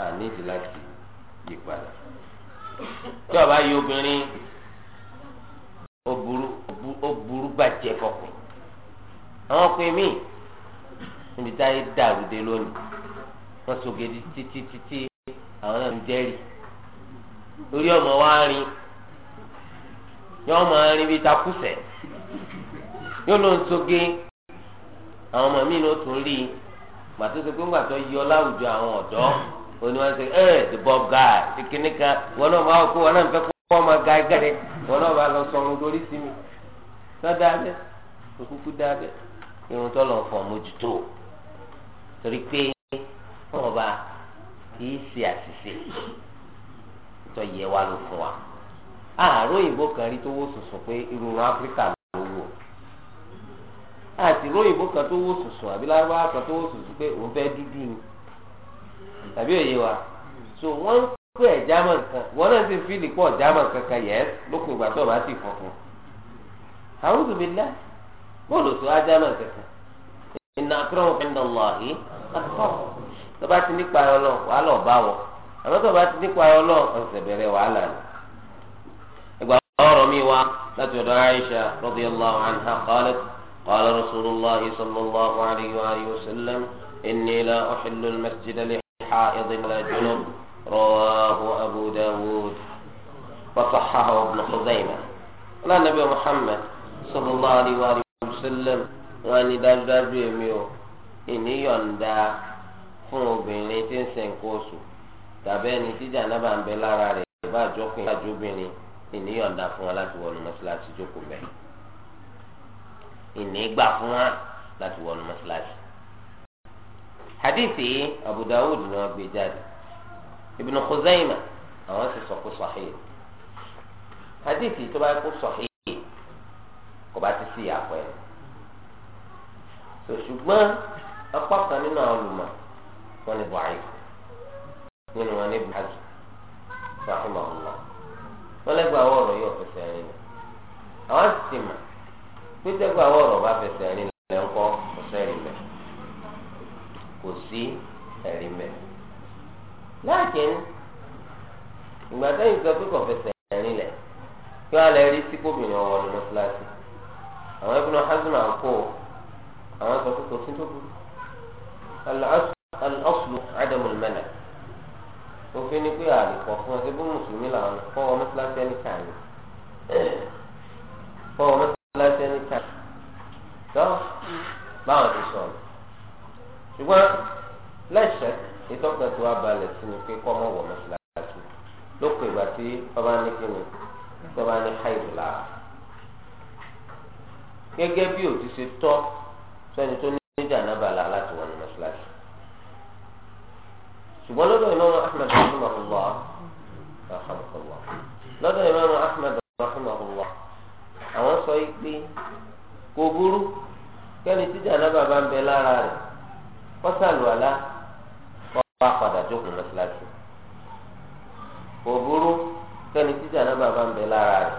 á nídìí láti yí padà tí ọba yí obìnrin ó burú ó burú àwọn ọkùnrin míì níbi táyé dàrú dé lónìí wọ́n sọgẹ́dì títí títí àwọn náà ń jẹ́rìí orí ọmọ wa rin yọọ mọ rin bíi takùsẹ̀ yóò ló ń àwọn ọmọ mi ló tún rí i sọ pé ńgbà tó yọ láwùjọ àwọn ọ̀dọ́ oní sọ ẹ the bob guy ti kíní kan wọn náà máa kó wọn náà fẹ́ kó ọmọ guy gẹ́rẹ́ wọn náà máa lọ sọrun lórí sí mi sọ dáa òkúkú dáa bẹ́ẹ̀ irun tó lọ fọ mójútó. torí pé wọn kì í ṣe àṣìṣe tó yẹ wa ló fún wa àárò òyìnbó kan rí tó sùsùn pé irun áfíríkà ló wò àti róyìnbó kan tó sùsùn àbí lárúbáwá kan tó sùsùn pé òun so wọ́n ń pè kan wọ́n náà ti fi nìpọ̀ german kankan yẹ lópin ìgbà tó o bá àwọn mi tó german kankan àkọ́ tó bá ti nípa ayọ̀ lọ wàá lọ bá wọ àmọ́ tó bá ti nípa ayọ̀ lọ ọ̀sẹ̀ bẹ̀rẹ̀ wàhálà ni. ìgbà ọ̀rọ̀ mi wá láti ọ̀dọ̀ Aisha radiyallahu anha qalat qala rasulullah sallallahu alayhi wa sallam inni la uhillu al-masjida li ha'idin la junub rawahu abu dawud wa sahhahu ibn ọlọ́run nàbẹ́ muhammad sallallahu alayhi wa sallam wọn ni dájúdájú èmi o ìníyọ̀ǹda fún obìnrin tí ń ṣe nǹkan oṣù tàbí ẹni tí jàǹdàbà ń bẹ lára rẹ̀ ìbá àjọkùnrin àjọ obìnrin ìníyọ̀ǹda fún wọn láti wọnú mọ́ṣáláṣí jókòó mẹ́. ìnígbà fún wọn láti wọnú mọ́ṣáláṣí. hadithi Abu Dawud ni wọ́n gbé jáde Ibn Khuzaimah àwọn sì sọ pé sahih hadithi tó bá kó sahih kò bá ti sí ìyàpọ̀ ẹ̀. ṣùgbọ́n. So, apá kan nínú àwọn olùmọ̀ wọn ni buhari nínú wọn ni buhari wọn àwọn yóò rìn lọ àwọn sì mà àwọn bá rìn kò sí láàkì ìgbà sọ pé kò rìn lẹ kí wọn lè rí sí kóbìnrin al-asl adam al-mana òfin ni pé àlùkò fún ọ ṣẹbi mùsùlùmí làwọn fọwọ́ mọ́sálásí ẹni kàn ní fọwọ́ mọ́sálásí ẹni kàn ní tọ́ báwọn ti sọ̀rọ̀ ṣùgbọ́n lẹ́sẹ̀ ìtọ́ka tó wá balẹ̀ sí ni pé kọ́ mọ̀ wọ̀ mọ́sálásí lókè ìgbà tí ọba ní kíni tọ́ba ní háìlì lára gẹ́gẹ́ bí òtí ṣe tọ́ sẹ́ni tó ní níjà náà bàlá láti wọnú mọ́ṣáláṣí ṣùgbọ́n lọ́dọ̀ ìmọ̀ràn ahmed rahimahullah rahimahullah lọ́dọ̀ ìmọ̀ràn ahmed rahimahullah àwọn sọ yìí pé kò burú kẹ́ni tíjà náà bàbá ń bẹ lára rẹ̀ kọ́sàlùwàlá kọ́ wa padà jókòó mọ́ṣáláṣí kò burú kẹ́ni tíjà náà bàbá ń bẹ lára rẹ̀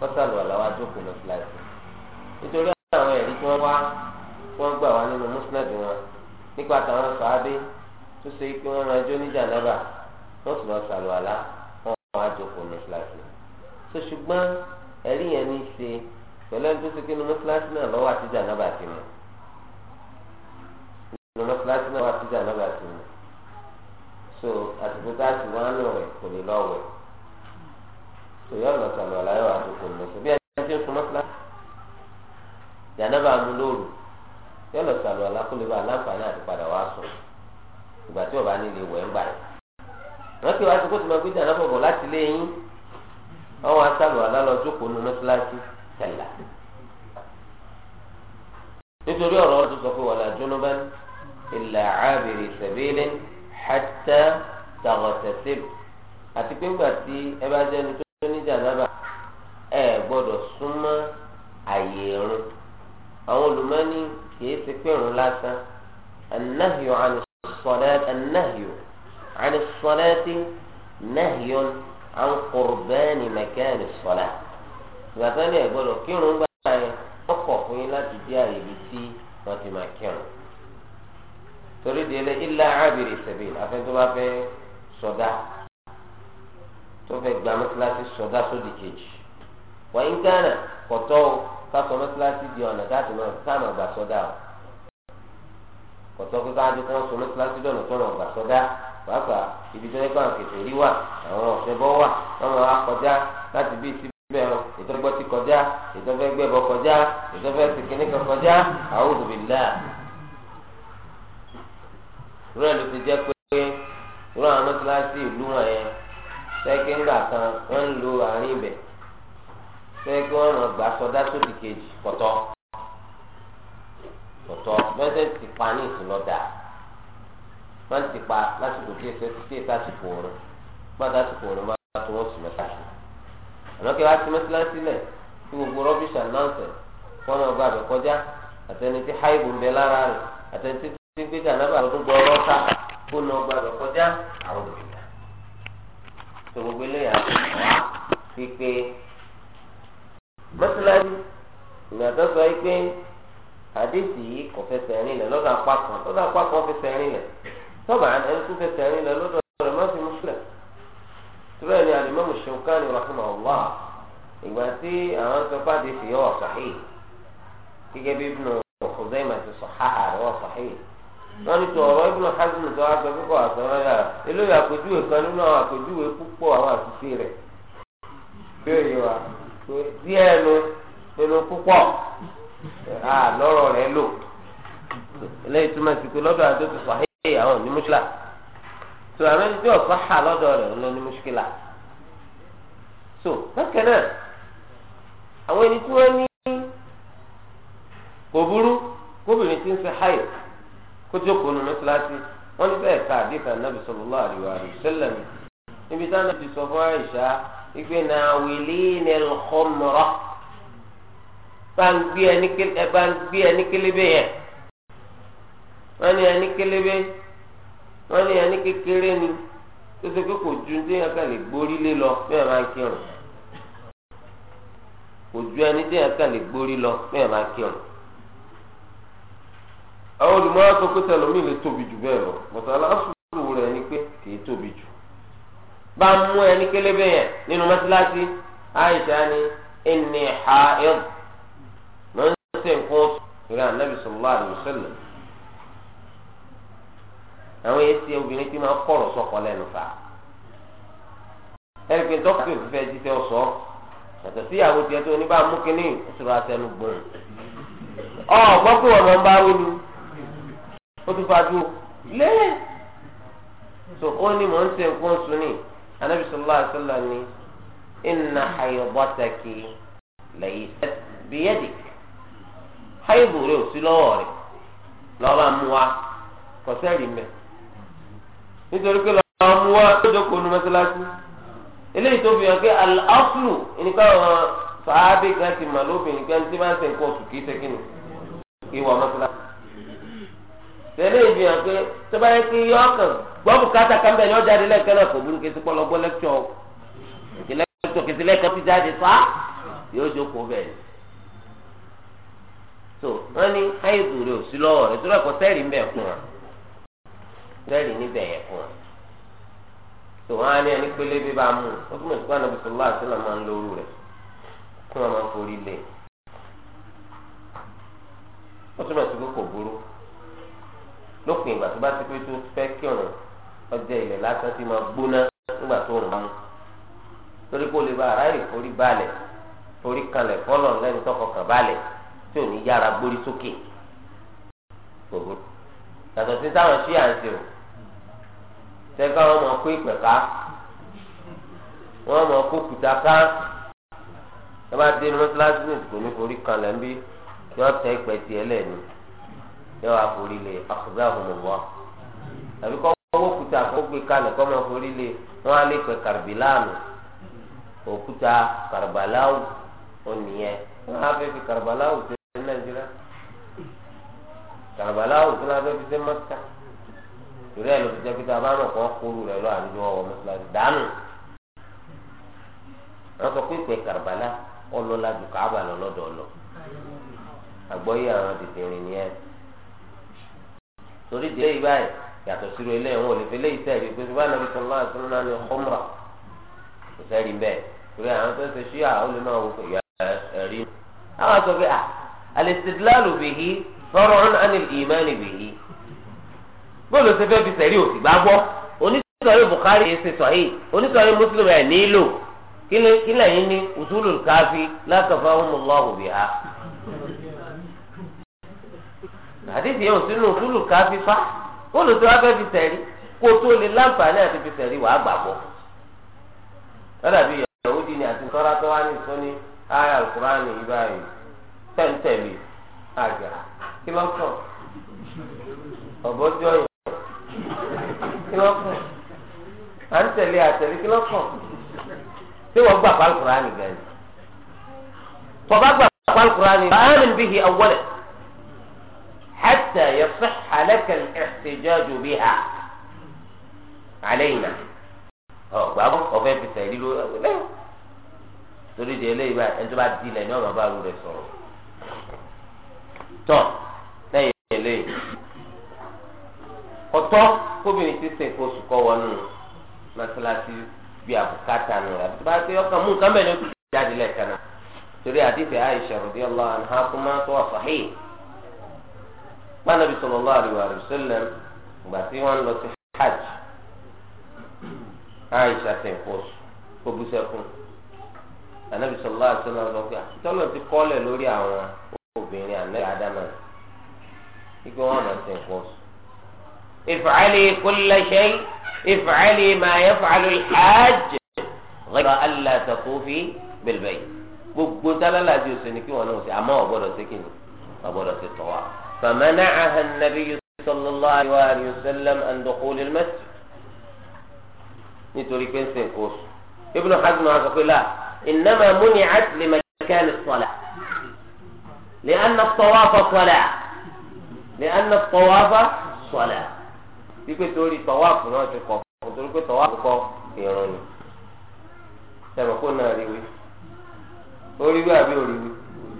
kọ́sàlùwàlá wa jókòó mọ́ṣáláṣí nítorí àwọn ẹ̀rí tí wọ́n wá wọ́n gbà wá nínú musnad wọn nípa táwọn sàábé tó ṣe pé wọ́n máa jó ní jàǹdàbà wọ́n sì lọ sàlù àlá wọ́n wọ́n á jókòó ní kíláàsì. tó ṣùgbọ́n ẹ̀rí yẹn ní í ṣe pẹ̀lú ẹni tó ṣe pé nínú kíláàsì náà lọ́wọ́ àti jàǹdàbà ti mú. nínú kíláàsì náà lọ́wọ́ àti jàǹdàbà ti mú. so àtìkú tá a sì wọ́n á lò rẹ̀ kò ní lọ́ọ̀ wẹ̀. so yọ̀ọ̀ lọ sàlù àlá yọ̀ àjókòó ní kíláàsì. bí ẹni tó ń sun mọ́ kíláàsì mú lóru yọ lọ sàlù alákólébá aláǹfààní àti padà wá sùn ìgbà tí ọba nílé wẹ̀ ń báyìí rántí wá sí kó ti máa gbé jàǹdà bọ̀bọ̀ láti lé yín àwọn asàlù alálọ́jókòó nu mọ́sálásí tẹ̀lá nítorí ọ̀rọ̀ ọ̀rọ̀ tó sọ pé wala junuban illa abiri sabilin hatta tàgọ̀tẹ̀sẹ̀lù àti pé ńgbà tí ẹ bá jẹ́ ẹni tó ní jàǹdà bá ẹ gbọ́dọ̀ súnmọ́ àyè irun àwọn olùmọ́ni kìí ṣe pé òun lásán anahyo anahyo anisolati nahyo ankorbani mẹkẹ́ni sọlá ìgbàtà ni ẹ gbọ́dọ̀ kírun gbà yẹn wọ́n kọ̀ fún yín láti dé àyè ibi tí wọ́n ti máa kírun torí délé ilá ábìrì sẹ̀bìl afẹ́ tó bá sọdá tó fẹ́ gbàmúsíláṣí sọdá sódì kejì wọ́n ń gánà kọ̀tọ́ kásọ mọ́sálásí di ọ̀nà káàtì máa sáàmà gbà sọ́dá o kọ̀tọ́ pé káàdì kan sọ mọ́sálásí dọ̀nà tọ̀nà gbà sọ́dá pàápàá ibi tó yẹ kó àwọn kẹfẹ́ rí wà àwọn ọ̀fẹ́ bọ́ wà wọ́n máa kọjá láti bí síbẹ̀ ọ ìtọ́gbọ́ ti kọjá ìtọ́fẹ́ gbẹ̀bọ kọjá ìtọ́fẹ́ ti kíní kan kọjá a'udhu billah. rúrẹ́ ló ti jẹ́ pé rúrẹ́ àwọn mọ́sálásí ìlú wọn yẹn sẹ́kẹ́ńgbà kan wọ́n ń lo àárín bẹ́ẹ̀ kí wọ́n gbà sọdá sódì kejì pọ̀tọ́ pọ̀tọ́ ti pa ní ìsúnlọ́dà wọ́n ti pa lásìkò tí èsè tí èsè àsìkò òòrùn gbọ́n lásìkò òòrùn máa tó wọ́n sùn mẹ́sàkì àná kí wọ́n á ti mẹ́sàlásí lẹ̀ gbogbo rọ́bìṣà náà sẹ̀ mọ́tíláṣí ìgbà tó sọ pé àdéhùn yìí kò fẹsẹ̀ rìn lẹ̀ lọ́dọ̀ apá lọ́dọ̀ apá fẹsẹ̀ rìn lẹ̀ tọ́ba ẹni tó fẹsẹ̀ rìn lẹ̀ lọ́dọ̀ rẹ̀ má fi mùsùlẹ̀ tùrẹ̀ ni alimami Shawkani rahimahullah ìgbà tí àwọn sọ gẹ́gẹ́ bí ti sahaha rẹ̀ wà sahih wọ́n ní tó ọ̀rọ̀ Ibn tó pé díẹ̀ ló pẹ̀lú púpọ̀ à lọ́rọ̀ rẹ̀ lò eléyìí túmọ̀ sí pé lọ́dọ̀ àti òtún sàhíhì àwọn ní mùṣkílà tó àwọn ẹni tí ọ̀sán hà lọ́dọ̀ rẹ̀ ń lọ ní mùṣkílà so bákan náà àwọn ẹni tí wọ́n ní kò burú kóbìnrin tí ń ṣe háyè kó jókòó nínú mọ́ṣáláṣí wọ́n ní bẹ́ẹ̀ ká àdéhùn anábì ariwa alaihi wa sallam níbi táwọn ti sọ fún àìsà ìgbé náà wìlí ní ẹlòkọ́mọ̀rọ̀ bá ń gbé ẹni kélébé yẹn wọ́n ní ẹni kélébé wọ́n ní ẹni kékeré ni tó ṣe pé kò ju ní ẹ̀ka lè gbórí lé lọ bí ẹ̀ máa ń kírun kò ju ẹni tí ẹ̀ka lè gbórí lọ bí ẹ̀ máa àwọn olùmọ̀ràn sọ pé lè tóbi jù bẹ́ẹ̀ lọ mọ̀tàlá sùúrù rẹ̀ bá mú ẹni kélébé yẹn nínú mọ́sálásí àyíṣà ni ẹni ha ẹ̀rù mọ̀ ń ṣe nǹkan oṣù ìrẹ́ ànábì sallallahu alaihi wasallam àwọn etí obìnrin tí máa ń kọ̀rọ̀ sọ́kọ lẹ́nu fà ẹni pé dókítà òfìfẹ́ jíṣẹ́ ọ̀sọ́ yàtọ̀ sí ìyàwó tiẹ̀ tó ní bá mú kínní ìṣòro àtẹnu gbòòrò ọ gbọ́ pé wọ́n ń bá wọlú ó tún fa dúró lẹ́yìn ó ní mò ń ṣe nǹkan oṣù nìyí anabi sallallahu alaihi wasallam ni inna haydataki laysat biyadik hayibu rẹ ò sí lọ́wọ́ rẹ lọ́ba mú wa kọ́sẹ́rì mẹ́ nítorí pé lọ́ba mú wa tó dọ́kọ̀ ní mọ́sálásí eléyìí tó fi hàn pé al-aslu nìkan fàábì kan ti mà lóbìnrin kan tí máa ń sẹ́ńkọ́ oṣù kìí ṣe kí ni ìwà tẹlẹ ìfi hàn pé tọba yẹ kí yọ ọkàn gbọ́ bùkátà kan ni ọjà di lẹ́ẹ̀kẹ́ náà kò burú kí etíkọ́ lọ gbọ́ lẹ́kṣọ̀ o kí lẹ́kṣọ̀ kí lẹ́kṣọ̀ ti jáde fa yóò jókòó bẹ́ẹ̀ so wọ́n ni áyùdù rẹ̀ ò sí lọ́wọ́ tó lọ́kọ̀ sẹ́ẹ̀rì ń bẹ̀ fún wa wa so wọ́n á ní ẹni pélé bí bá mú ó túmọ̀ sí pàánù bìtò láti là máa ń lóru lópin ìgbà tó bá ti pé tó fẹ́ kí ọ̀ràn ọjọ́ ilẹ̀ lásán ti máa gbóná nígbà tó rùn mú torí kó lè bá aráàlú forí balẹ̀ forí kalẹ̀ fọlọ̀ lẹ́nu tọkọkàn balẹ̀ tí ò ní yára gbórí sókè gbogbo yàtọ̀ sí táwọn ṣí à ń ṣe o sẹ́ka wọn mọ̀ kó ìpè ká wọn mọ̀ kó kùtà ká ẹ bá dé ní mọ́tíláṣí nìkò ní forí kalẹ̀ ń bí yọ tẹ ìpè tiẹ̀ lẹ́nu yọ àforí lè akhzahumullah àbí kọ́ owó kúta kó gbé kalẹ̀ kọ́ máa forí lè wọ́n á lè pẹ́ kàrbìláàmù òkúta kàrbàláwù ònìyẹn wọ́n á fẹ́ fi kàrbàláwù tó ṣe nàìjíríà kàrbàláwù tó náà fẹ́ fi ṣe mọ́tà torí ẹ̀ ló fi jẹ́ pé tá a bá mọ̀ kọ́ kóru rẹ̀ lọ àdúgbò ọwọ́ mọ́tàlásì dànù wọ́n sọ pé ìpè kàrbàlá ọlọ́lá ju kàábà lọ lọ́dọ̀ ọlọ́ àgbọ́yé àwọn tètè rìn ní ẹ̀ torí délé yìí báyìí yàtọ̀ sí ilé wọn ò lè fi léyìí sẹ́ẹ̀rí pé bá nàbí sọlá àtúnú náà ní ọmọrà kò sẹ́ẹ̀rí bẹ́ẹ̀ torí àwọn tó ń ṣe ṣíà ó lè máa wò pé ìyá ẹ̀rí. àwọn sọ pé al-istidlalu bihi far'un 'an al-iman bihi bóòlù ṣe fẹ́ fi sẹ́ẹ̀rí òsì gbàgbọ́ onítọ̀rí Bukhari ẹ̀ ṣe sọ̀hí onítọ̀rí Muslim ẹ̀ nílò kílẹ̀ yín ní àdéhùn yóò sínú túlù ká fífa olùsọ abẹ́ fi sẹ̀rí kó tó lè láǹfààní àti fi sẹ̀rí wàá gbàgbọ́. lọ́dà bíi ìyàwó di àti nǹkan tó wá ní ìsọ́ni ayé alukurani ibáyé tẹ̀ntẹ̀lé àgbà kí ló sọ ọ̀bọ̀jọ́ yìí kí ló kàn à ń tẹ̀lé kí ló kàn ṣé wọ́n gbà gbà báyọ̀ bíi حتى يصح لك الاحتجاج بها علينا ọ gbàgbọ́ ọ̀fẹ́ fi sẹ̀rí ló lẹ́yìn torí di eléyìí báyìí ẹni tó bá di ilẹ̀ ní ọ̀nà báwo rẹ̀ sọ̀rọ̀ tán lẹ́yìn eléyìí ọ̀tọ̀ kóbìnrin ti sìn kó sùkọ́ wọnú mọ́sálásí bí àbùkátà nù rẹ̀ àbí tó bá gbé ọkàn mú nǹkan bẹ́ẹ̀ ni ó ti jáde lẹ́ẹ̀kan náà torí àdìsẹ́ Aisha radiyallahu anha kó máa tó ọ̀sán hẹ́ẹ̀ gbanabi sallallahu alaihi wa sallam ìgbà tí wọn lọ sí hajj aisha tẹnfọs kó bú sẹkún anabi sallallahu alaihi wa sallam sọ pé àtitọ́lọ̀ ti kọ́lẹ̀ lórí àwọn obìnrin anabi adama ikú wọn lọ tẹnfọs. افعلي كل شيء افعلي ما يفعل الحاج غير ألا تطوفي بالبيت gbogbo dálálà àti òsè ni kí wọn náà ṣe àmọ́ ọgbọ́dọ̀ ṣe kí ni ọgbọ́dọ̀ ṣe فمنعها النبي صلى الله عليه وسلم عن دخول المسجد نتوري بين سنكوش ابن حزم عزق الله إنما منعت لمكان الصلاة لأن الطواف صلاة لأن الطواف صلاة يقول تولي طواف نوع في القوف يقول طواف القوف يراني كما قلنا هذه أولي بي أبي أولي بي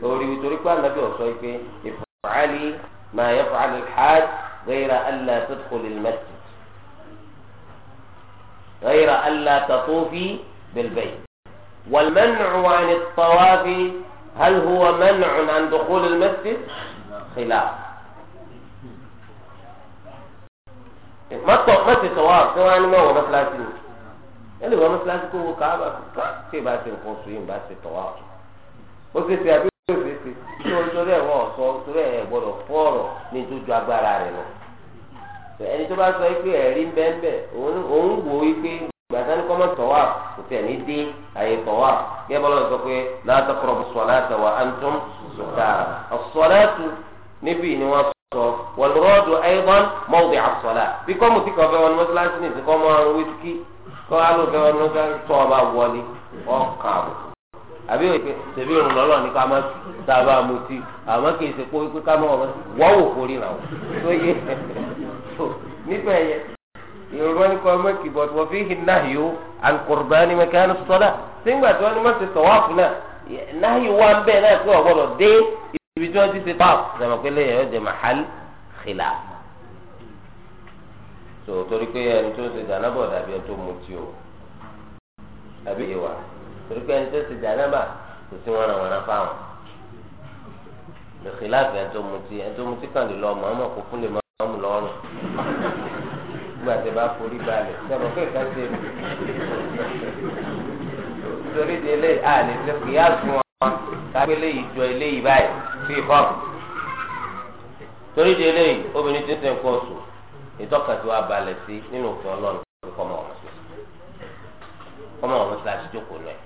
أولي بي تولي قوان نبي أصوي في افعلي ما يفعل الحاج غير ألا تدخل المسجد غير ألا تطوفي بالبيت والمنع عن الطواف هل هو منع عن دخول المسجد خلاف ما ما تطواف سواء يعني ما هو لازم اللي هو لازم هو كعبة في بس نقول سوين بس الطواف وكيف torí ẹ̀ wọ́n sọ torí ẹ̀ gbọ́dọ̀ fọ́ọ̀rọ̀ ní ìtọ́jú agbára rẹ̀ lọ. ẹni tó bá sọ pé ẹ̀rí ń bẹ́ẹ̀ òun wò ó pé gbàtàní kọ́mọ̀ tọ́wà kò tẹ̀ ní dé àyè tọ́wà gẹ́gẹ́ bọ́lá sọ pé látàkọ̀rọ̀ sọ̀láàtà wà antum sukara ọ̀sọ̀láàtù níbí ni wọ́n sọ wọ̀lúrọ́ọ̀dù ayébọ́n mọ́ọ̀dì àsọ̀lá bí kọ́mù tí kọ́fẹ́ wọn mọ́sálásí nìsí kọ́mọ́ àwọn wíṣíkì kọ́ alóòfẹ́ wọn mọ́sálásí tọ́ ọba wọlé ọ̀kà àbùkù àbí èké tẹ̀bí irun lọ́lọ́ ní ká má sábà mutí àmọ́ kì í ṣe kó ikú ká má wọ́n wọ́n wò kórì rà ó tó yé nípa ẹ̀yẹ ìrora ní kọ́ ọmọ kìbọ̀ tí wọ́n fi hin náà yó ànkùrùbá ni mẹ́kánú sọ́dá sígbà tí wọ́n ní mọ́tò sọ̀wọ́ àfúnà náà yìí wá ń bẹ́ẹ̀ náà pé ọ̀gbọ́dọ̀ dé ibi tí wọ́n ti ṣe pap sọ̀rọ̀ pé lẹ́yìn ọ̀jẹ̀ mahal xìlá. tó torí pé ẹni tó ṣe dáná bọ̀ dàbí ẹni tó mutí o dàbí ìwà torí pé ẹni tó ti jàdábà kò sí wọn ràn wọn rán fáwọn lèkìlá fẹ ẹni tó mutí ẹni tó mutí kàn lè lọ ọmọ ọmọ kó fún lè má ọmọ lọrùn nígbà tí ẹ bá forí balẹ̀ sọ̀rọ̀ pé ìka ṣe mí torí di eléyìí a lè fẹ́ kìí àsùn wọn kápẹ́ eléyìí jọ eléyìí báyìí sí ìfọ́n torí di eléyìí obìnrin ti ń sẹ́ nǹkan oṣù ìtọ́kasí wa balẹ̀ sí nínú òfin ọlọ́run kọ́mọ ọ̀hún sí kọ́mọ ọ̀hún sí àṣìjókòó náà.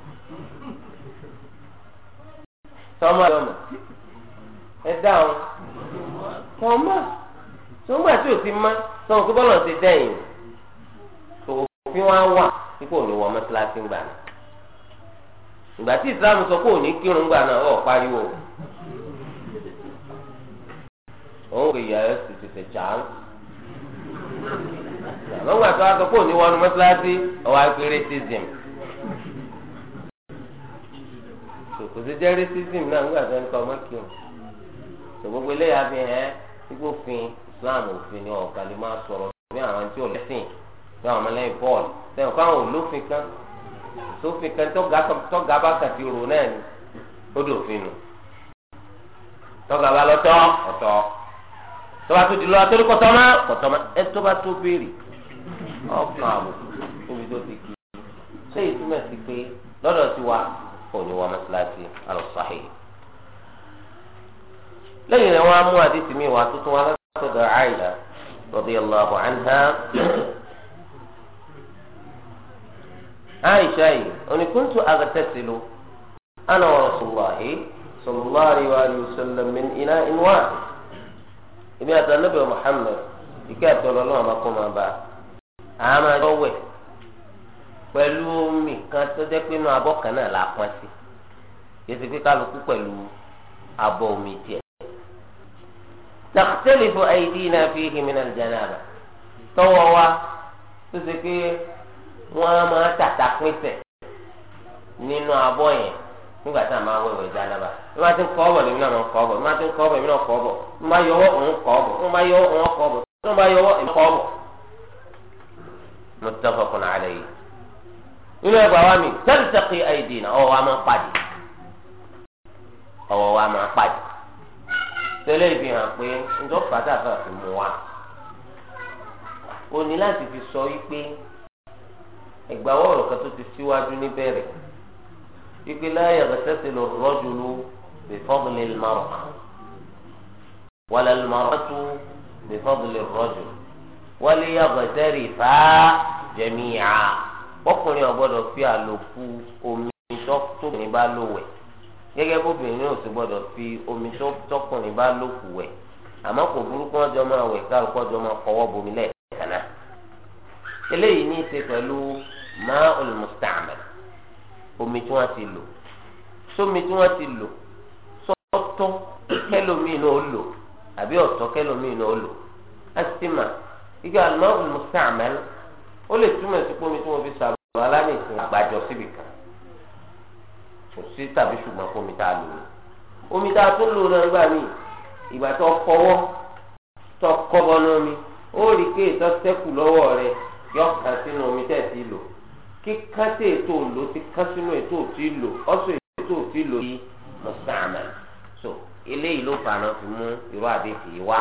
tọ́mọ lọ́nà ẹ dáhùn tọ́mọ tọ́mọ tí o ti má sọ̀rọ̀ kí bọ́lọ̀ ti dẹ́yìn òfin wa wà kíkó ní wọ́n mọ́tíláṣí ń gbà náà ìgbà tí ìsìlámù sọ pé òní kírun náà pariwo òun kò yà ẹ́ sì tètè jà á lọ́gbà tó a sọ pé kò sí jẹ́ racism náà nígbà tó ń kọ́ ọmọ kí o tó gbogbo eléyà fi hàn ipò fin Islam òfin ni ọ̀kan lè máa sọ̀rọ̀ bí àwọn tí ò lẹ́sìn bí àwọn ọmọlẹ́yìn Paul sẹ́yìn káwọn olófin kan sófin kan tọ́gà bá kàti rò náà ni ó dòfin nù tọ́gà bá lọ́tọ́ ọ̀tọ̀ tọ́ba tó di lọ́wọ́ torí kọ́tọ́ mọ́ kọ́tọ́ mọ́ ẹ tọ́ba tó béèrè ọ̀kan àbùkù tóbi tó ti kí i ṣé ìtumọ̀ sí pé lọ́dọ̀ ti wà òní wọn mọ́sálásí alọ́sàáhì. lẹ́yìn rẹ̀ wọ́n á mú àdìsí mi wá tuntun wá látọ̀dọ̀ àìlà radiyallahu anha. عائشة أني كنت أغتسل أنا ورسول الله صلى الله عليه وآله وسلم من إناء واحد إبي أتى النبي محمد إكاتب الله ما قوم أبا أما جوه pẹ̀lú omi kan tó jẹ́ pé kan náà la pọ́n sí yẹtù pé kálukú pẹ̀lú abọ́ omi tiẹ̀. takhtalifu aydina fihi min al-janaba tọwọ́ wa tó ṣe pé wọ́n á máa tàtà pínsẹ̀ nínú abọ́ yẹn nígbà a máa wẹ̀wẹ̀ jánába bí wọ́n ti ń kọ́ ọ̀bọ̀ lèmi náà kọ́ ọ̀bọ̀ bí wọ́n ti ń kọ́ ọ̀bọ̀ náà kọ́ ọ̀bọ̀ bí wọ́n bá yọwọ́ nínú ẹgbà wa mi tẹ́lifíṣẹ́kì àìdìnnà ọwọ́ wa máa ń pàdé ọwọ́ wa máa ń pàdé tẹ́lẹ̀ ìfi hàn pé ǹjọ́ pàtàkì fi mú wa o ní láti fi sọ wípé ẹgbà wọ́ọ̀rọ̀ kan tó ti síwájú níbẹ̀rẹ̀ wípé láyà rẹ̀sẹ̀tì lọ rọ́jò ló lè fọ́bìlì lmarọ̀ wàlẹ̀ lmarọ̀ tó lè fọ́bìlì rọ́jò wàlẹ̀ yàgò sẹ́rì fàá jẹ̀míyà ọkùnrin ò gbọ́dọ̀ fi àlòkù omi tọkùnrin bá lò wẹ̀ gẹ́gẹ́ bóbìnrin ò sì gbọ́dọ̀ fi omi tọkùnrin bá lòkù wẹ̀ àmọ́ kò burúkú ọjọ́ máa wẹ̀ kárùkú ọjọ́ máa fọwọ́ bomi lẹ́ẹ̀kan náà eléyìí ní í ṣe pẹ̀lú máa olùmùsítàmẹ̀ omi tí wọ́n ti lò sómi tí wọ́n ti lò sọ́tọ́ kẹlòmíì náà ó lò àbí ọ̀tọ́ kẹlòmíì náà ó lò á ìgbà máa olùmùsítàmẹ̀ ó lè túmọ̀ sí pé omi tí wọ́n fi sàrò alánìkan àgbàjọ síbi kan kò sí tàbí ṣùgbọ́n fún omi tá a lò ní. omi tá a tún lò náà gbà mí ìgbà tó fọwọ́ tó kọ́bọ náà mi ó rí i pé ìtọ́ sẹ́kù lọ́wọ́ rẹ yọ kàn sínú omi tẹ̀ sí lò kíkán tí ètò òǹlò ti kán sínú ètò òtí lò ọ̀sọ̀ ètò òtí lò yìí mọ̀sáàmà so eléyìí ló fà náà fi mú irú àdéhìí wá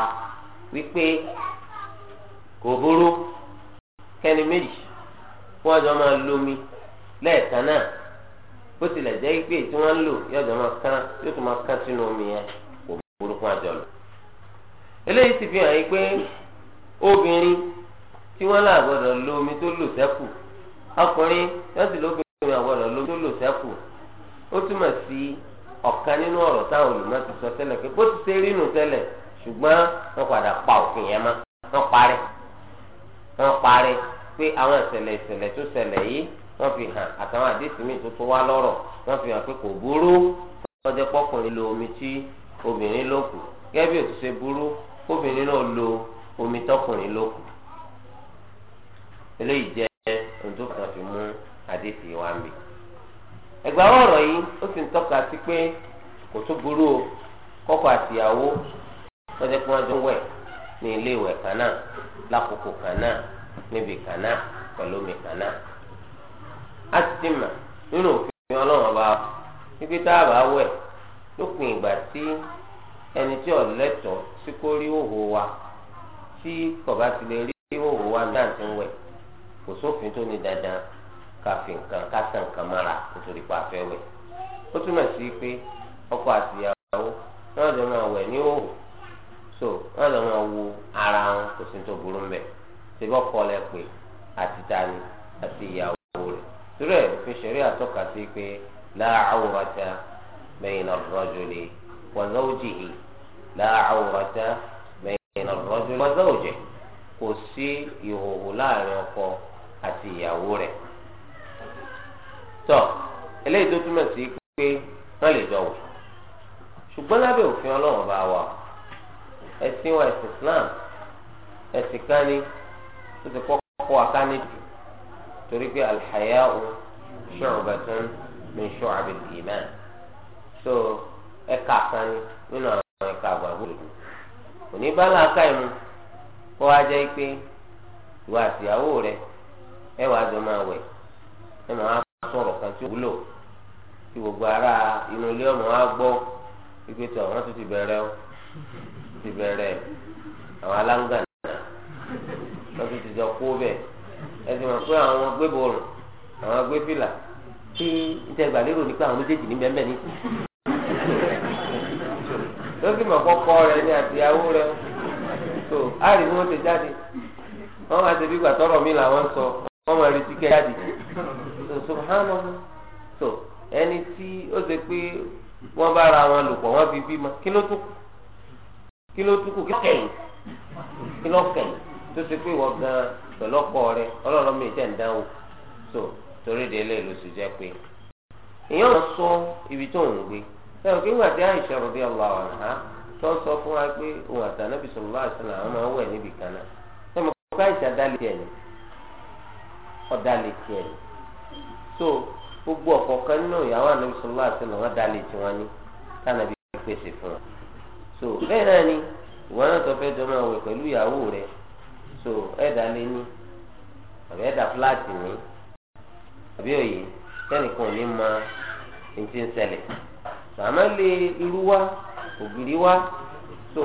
wípé kò burú. kẹni méjì wọ́n jọ máa lomi lẹ́ẹ̀kan náà bó tilẹ̀ jẹ́ pé tí wọ́n ń lò yóò jọ máa kán yóò tún omi yẹn kò burúkú àjọ lò. eléyìí ti fi hàn yí pé obìnrin tí wọ́n là gbọ́dọ̀ lo omi tó lò sẹ́kù ọkùnrin yóò sì lóbìnrin àgbọ̀dọ̀ lo omi tó lò sẹ́kù ó túmọ̀ sí ọ̀kan nínú ọ̀rọ̀ táwọn olùmọ̀ pa òfin yẹn mọ́ wọ́n wọ́n parí pé àwọn ìṣẹ̀lẹ̀ ìṣẹ̀lẹ̀ tó ṣẹlẹ̀ yìí wọ́n fi hàn àtàwọn àdéhùn mi tuntun wá lọ́rọ̀ wọ́n fi hàn pé kò burú tọ́jọ́ pọ́kùnrin lo omi tí obìnrin ló kù gẹ́gẹ́ bí ó ti ṣe burú obìnrin náà lo omi tọkùnrin ló kù eléyìí jẹ́ ohun tó kàn fi mú àdéhùn wa mi. ẹ̀gbà ọ̀rọ̀ yìí ó sì ń tọ́ka sí pé kò tó burú o kọ́kọ́ àtìyàwó tọ́jọ́ pé jọ ń wẹ̀ ní ilé ìwẹ̀ kan náà lákòókò kan náà níbi kan náà pẹ̀lú omi kan náà. a ti ti mà nínú òfin ọlọ́run ọba wípé tá a bá wẹ̀ lópin ìgbà tí ẹni tí lẹ́tọ̀ọ́ rí wa tí ti lè rí wa náà ti ń wẹ̀ kò sófin tó ní dandan ká nǹkan ká nǹkan mára nítorí pa afẹ́ wẹ̀ ó túmọ̀ sí pé ọkọ náà so wọn lọ máa wo ara wọn kò sí tó burú mbẹ síbí ọkọ lẹ pé àti tani àti ìyàwó rẹ torí ẹ fi ṣẹ̀rí àtọ́ka sí pé la awrata bayna ar-rajuli wa zawjihi la awrata bayna ar-rajuli wa zawjihi kò sí ìhòòhò láàrin ọkọ àti ìyàwó rẹ tọ eléyìí tó túmọ̀ sí pé wọ́n lè jọ wò ṣùgbọ́n lábẹ́ òfin ọlọ́run bá wà ó ẹ̀sìn wa ẹ̀sìn Islam ẹ̀sìn kan ni tó ti kọ́kọ́ wa jù torí pé al-haya'u shu'batun min shu'abil iman so ẹ̀ka kan ni nínú àwọn ẹ̀ka àgbàgbọ́ òdu òní bá làákà ìmú kó wá jẹ́ pé ìwà àtìyàwó rẹ ẹ wàá jọ máa wẹ̀ ẹ máa sọ̀rọ̀ kan tí ó wúlò tí gbogbo ara inú ilé ọmọ wa gbọ́ ìgbésẹ̀ wọn tún ti bẹ̀rẹ̀ o ti bẹ̀rẹ̀ àwọn aláǹgànà lọ́sí ti jọ kó bẹ́ẹ̀ ẹsìn máa pé àwọn gbé bọ̀rùn àwọn gbé fìlà tí ìtẹ̀gbà lérò nípa àwọn méjèèjì ní bẹ́ẹ̀ ní. lọ́sí mọ̀ kọ́kọ́ rẹ ní àtìyàwó rẹ tó àrí ni wọ́n ti jáde wọ́n máa ṣe bí gbà tọrọ mi làwọn sọ wọ́n máa retí kẹ́ jáde tó subhanallah tó ẹni tí ó ṣe pé wọ́n bá ra wọn lò pọ̀ wọ́n fi bímọ kí ló tún kù. kí ló dúkù kí kí ló kẹ̀yìn tó ṣe pé wọ́n gan pẹ̀lú ọ̀pọ̀ rẹ ọlọ́run mi so torí de jẹ́ pé sọ ibi tó ń gbé sẹ́wọ̀n kí wọ́n àti Àìṣà radiyallahu anha tó ń sọ fún wa pé òun àti Ànábì sallallahu alaihi wasallam àwọn máa ń wẹ̀ níbì kan náà sẹ́wọ̀n kí wọ́n Àìṣà dálé tiẹ̀ so gbogbo ọ̀kọ̀ọ̀kan nínú ìyàwó so bẹ́ẹ̀ náà ni ìwọ náà tó fẹ́ jọ máa wẹ̀ pẹ̀lú ìyàwó rẹ so ẹ̀dá lé ní àbí ẹ̀dá fúláàtì ní àbí òye tẹ́nìkan ò ní ma ní ti ń ṣẹlẹ̀ màmá lé irú wá ògiri wá so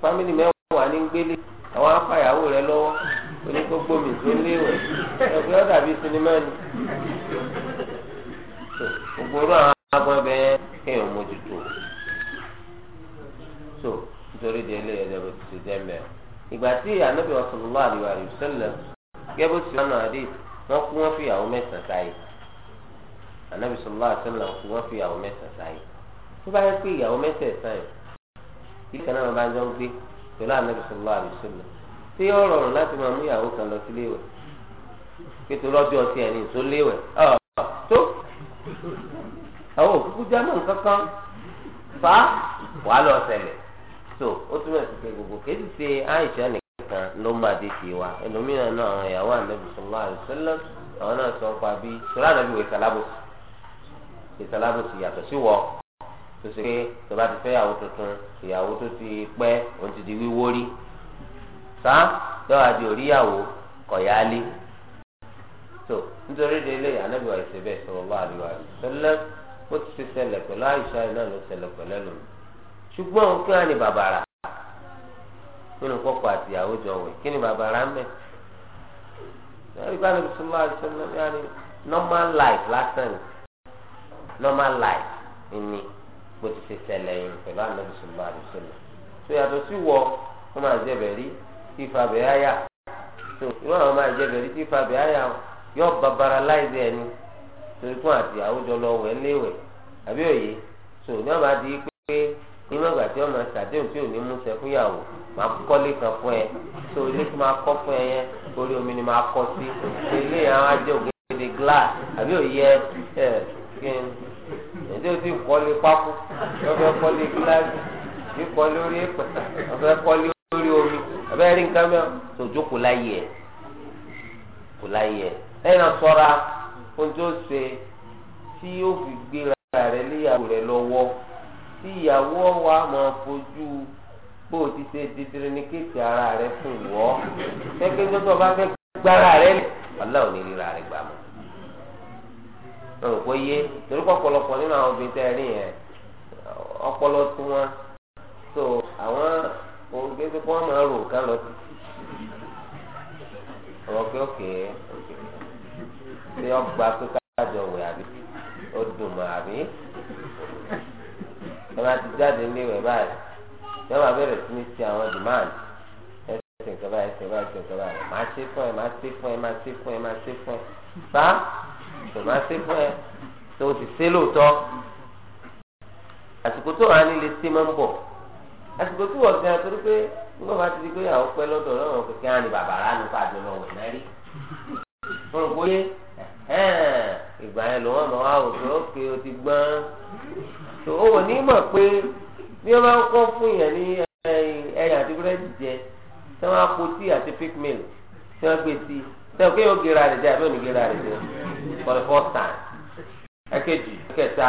fámìlì mẹ́wàá ní gbélé àwọn afáyàwó rẹ lọ́wọ́ onígbogbo mi tó léwẹ̀ ẹgbẹ́ ọ̀dà bíi sinimá ni gbogbo ọ̀rọ̀ àwọn agbọ̀n bẹ́ẹ̀ kéèyàn mójútó so nítorí di ilé ẹ̀jẹ̀ bó ti ṣe jẹ́ mẹ́ ìgbà tí ànábì sallallahu alaihi wasallam gẹ́gẹ́ bó ti lọ́nà àdé wọ́n kú wọ́n fi ìyàwó mẹ́sàn-án sáyé ànábì sallallahu alaihi wasallam kú wọ́n fi ìyàwó mẹ́sàn-án sáyé tó bá yẹ pé ìyàwó mẹ́sàn-án yìí ilé kan náà máa ń jọ ń gbé pẹ̀lú ànábì sallallahu alaihi wasallam tí ó rọrùn láti máa mú ìyàwó kan lọ sílé fa wàá lọ ṣẹlẹ̀ so ó túmọ̀ sí pé gbogbo kéde ṣe àìsàn nìkan ló máa dé ṣe wa ẹlòmíràn náà àwọn ìyàwó ànábì sọlá àlùsọlá àwọn náà sọ pa bí sọlá ànábì wò ìsàlábòsì ìsàlábòsì yàtọ̀ sí wọ tó ṣe pé tó bá ti fẹ́ ìyàwó tuntun ìyàwó tó ti pẹ́ òun ti di wíwó rí sá lọ́wọ́ àti òríyàwó kọ̀yálé so nítorí délé ànábì wà ìṣẹ̀bẹ̀ sọlá àlùsọlá bó ti ṣe ṣẹlẹ̀ pẹ̀lú àìsàn náà ló ṣẹlẹ̀ pẹ̀lú ṣùgbọ́n òun kí wọ́n ní bàbàrà nínú kọ́kọ́ àti ìyàwó jọ wẹ̀ kí ni bàbàrà ń bẹ̀. ẹ̀rí bá níbi sọ́lá àdìsọ́lá yá ni normal life lásán ni normal life ni bó ti ṣe ṣẹlẹ̀ yìí pẹ̀lú ànábi sọ́lá àdìsọ́lá. tó yàtọ̀ sí wọ wọ́n máa jẹ́ bẹ̀rí tí ìfà bẹ̀ áyà tó ìwọ́n àwọn máa jẹ́ bẹ̀rí tí ìfà bẹ̀ áyà yọ bàbàrà láìsí ẹni torí fún àti ìyàwó lọ wẹ̀ léwẹ̀ àbí òye tó ní níwọ̀n ìgbà tí ọmọ ṣàdéhùn tí ò ní mú ṣe fúyàwó máa kọ́lé kan fún ẹ tó ilé tí máa kọ́ fún ẹ yẹn orí omi ni máa kọ́ sí ilé yẹn á jẹ́ ògèdè glace àbí òye ẹ kí n ẹjọ́ tí kọ́lé pákó ọbẹ̀ kọ́lé glace bí kọ́lé orí ẹ̀pẹ̀ ọbẹ̀ kọ́lé lórí omi abẹ́ rí nǹkan mẹ́wàá tòjú kò láyé ẹ̀ kò láyé ẹ̀ lẹ́yìn náà sọ́ra ohun tó ṣe tí yóò fi gbéra rẹ̀ léyàwó tí ìyàwó wa máa fojú bó o ti ṣe dídírí ní kéèkì ara rẹ fún wọ́ kẹ́kẹ́ tó tó bá fẹ́ gbára rẹ lẹ̀ aláwo ní ríra rẹ gbà mọ́. ọ̀rọ̀ kò yé torí pọ̀pọ̀lọpọ̀ nínú àwọn obìnrin tẹ́ ẹ rí yẹn ọpọlọ tí wọ́n so àwọn òun kéde kó wọ́n máa rò nǹkan lọ sí. ọ̀rọ̀ pé òkè òkè ṣé ọgbà pé kájọ wẹ̀ àbí ó dùn mọ́ àbí wọn á ti jáde ní ìwẹ̀ báyìí yóò máa bẹ̀rẹ̀ sí ní ti àwọn demand ẹsẹ̀ nǹkan báyìí ẹsẹ̀ báyìí ẹsẹ̀ nǹkan báyìí máa ṣe fún ẹ máa ṣe fún ẹ máa ṣe fún ẹ máa ṣe fún ẹ bá tó máa ṣe fún ẹ tó ti ṣe lóòótọ́ àsìkò tó wà nílé tí máa ń bọ̀ àsìkò tó wọ̀ sí ẹ torí pé nígbà bá ti di pé àwọn pẹ́ lọ́dọ̀ lọ́wọ́ kékeré á ní bàbá rà nípa àdúrà ọ̀wẹ̀ náà rí mo rò pé ìgbà yẹn lòun àmọ́ wá òkè òkè ó ti gbọ́n tó o ní mọ̀ pé bí wọ́n máa ń kọ́ fún yẹn ní ẹyìn àti búrẹ́dì jẹ tí wọ́n á kó tí àti fake mail tí wọ́n gbé sí sẹ́wọ́n kéèyàn ó gera rẹ̀ jẹ́ àbí òní gera rẹ̀ jẹ́ for the first time ẹ̀kejì kẹta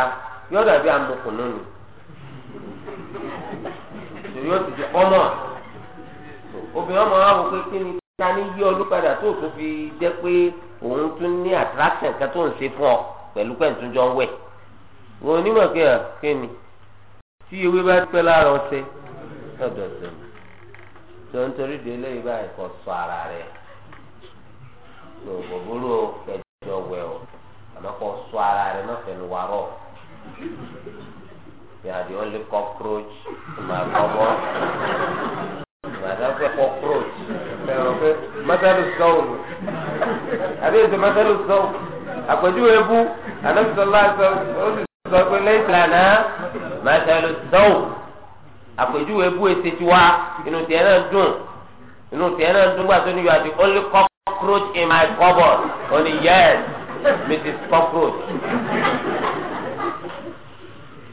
yóò dàbí amukùnú ni torí ó ti di ọmọ obìnrin ọmọ wa wò pé kí ni ni yí ọdún padà tó tó fi jẹ́ pé òun tún ní attraction kan tó ń ṣe wọn onímọ̀ ah, kí à kéènì tí ewé bá pẹ́ lára ọ̀sẹ̀ lọ́dọ̀ sẹ́mi tó ń torí de lẹ́yìn báyìí kò sọ ara rẹ̀ lọ́wọ́ búrú kẹjọ wẹ̀ ọ́ àmọ́ kò sọ ara rẹ̀ má fẹ́nu wà rọ̀ yàrá the only cockroach mà kọ́bọ́ màdá fẹ́ cockroach fẹ́ràn pé mọ́tàlù sọ́ọ̀lù àbí ètò mọ́tàlù sọ́ọ̀lù àpèjúwe bú ànábìsọ̀lá sọ́ọ̀lù sọ pé lẹ́sìlánà màtàlù dọ́wù àpèjúwe bú èsì tiwa inú tiẹ̀ náà dùn inú tiẹ̀ náà dùn gbà tó ní you are the only cockroach in my cupboard only yes mrs cockroach.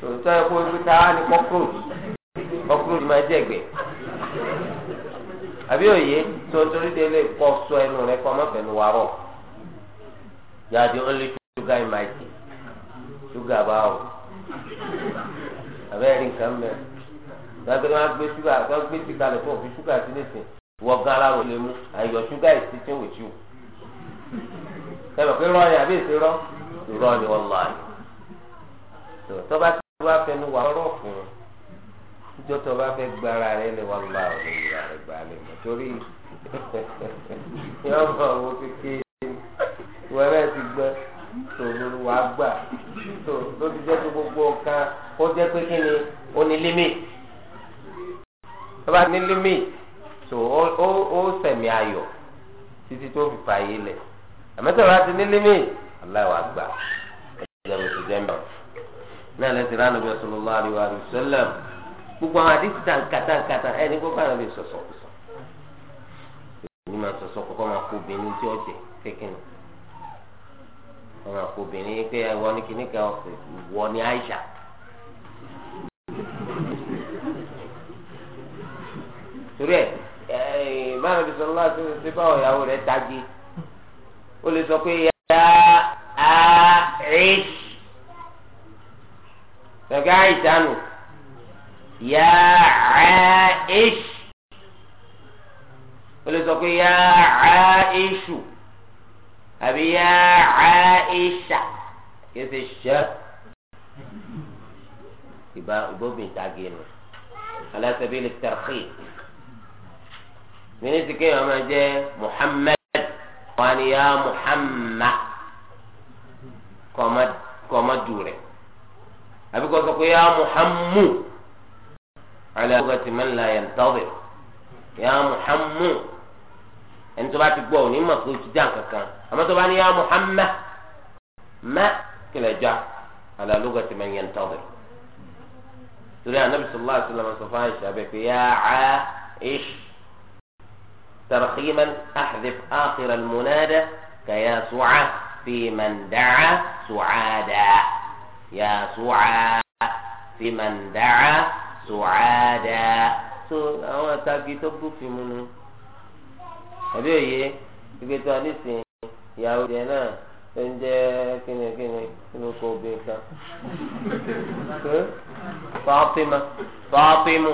sọ̀tọ́ ẹ̀kọ́ ibi tá a ní cockroach cockroach máa jẹ́ ẹ̀gbẹ́ àbí òye tó torí délé kọ́ sọ ẹnu rẹ kọ́ mọ́fẹ́nu wàrọ̀ you are the only sugar in my tea ṣúgà bá o àbẹ́rẹ́ rí nǹkan mẹ́ gbàgbé wọn gbé ṣúgà wọn gbé ṣúgà lè fún òfin ṣúgà sí nìsín wọ gan ara rò lè mú àyọ ṣúgà is sitting with you sẹ́wọ̀n pé rọ́ọ̀yìn àbí èsì rọ́ rọ́ọ̀ ni wọ́n lọ àyè tó bá tó bá fẹnu wà ọ̀rọ̀ fún un níjọ́ tó bá fẹ́ gbára rẹ lè wọ́n lọ àwọn ènìyàn rẹ̀ gbà lè mọ̀ torí yọ̀ọ̀ bọ̀ wọ́n kékeré wọ́n rẹ̀ ti gbọ́. tòun wà gbà tó tó ti jẹ́ pé gbogbo nǹkan ó jẹ́ pé kí ni ó ní límìt tó ní o tó ó ó sẹ̀mí ayọ̀ títí tó fi fà yé lẹ̀ ti ní límìt aláìwà gbà ẹ̀jẹ̀ ti jẹ́ mọ́ náà lẹ́sìn ránà bí sallallahu alaihi wa sallam gbogbo àwọn àti tàǹkàtàǹkàtà ẹ̀ ní gbogbo àwọn àbí sọ̀sọ̀ sọ̀ ma máa kó obìnrin tí ọ̀jẹ̀ kékeré. wọn máa kó obìnrin pé ẹwọ ní kíní kan wọ ní àyà. torí ẹ ẹ máa bí sọlá tó ti bá ọ̀yàwó rẹ̀ dágbé ó lè sọ pé Ya á rí sọgá ìdánù ya á rí ó lè sọ pé yá á أبي يا عائشة كيف الشاء يبا أبوب تعقيل على سبيل الترخيص من اسمك يا مجا محمد وأنا يا محمد قمد قمد دوري أبي قصدك يا محمد على لغة من لا ينتظر يا محمد ẹni tó bá ti gbọ́ òní mọ̀ pé o ti dá nǹkan kan àmọ́ tó bá ní ya muhammed má kílẹ̀ já ala lugati man yantazir torí anabi sallallahu alaihi wasallam sọ fún àyíṣà bẹ́ẹ̀ pé ya a Aish tarximan ahdif akhir almunada kaya suca fi man daca sucaada ya suca fi man daca sucaada so àwọn àtàgé tó bú fi mu nù. àbí òye ìgbé tó àdìsìn ìyàwó rẹ̀ náà tó ń jẹ́ kíni kíni kíni kò obìnrin kan fàápìmà fàápìmù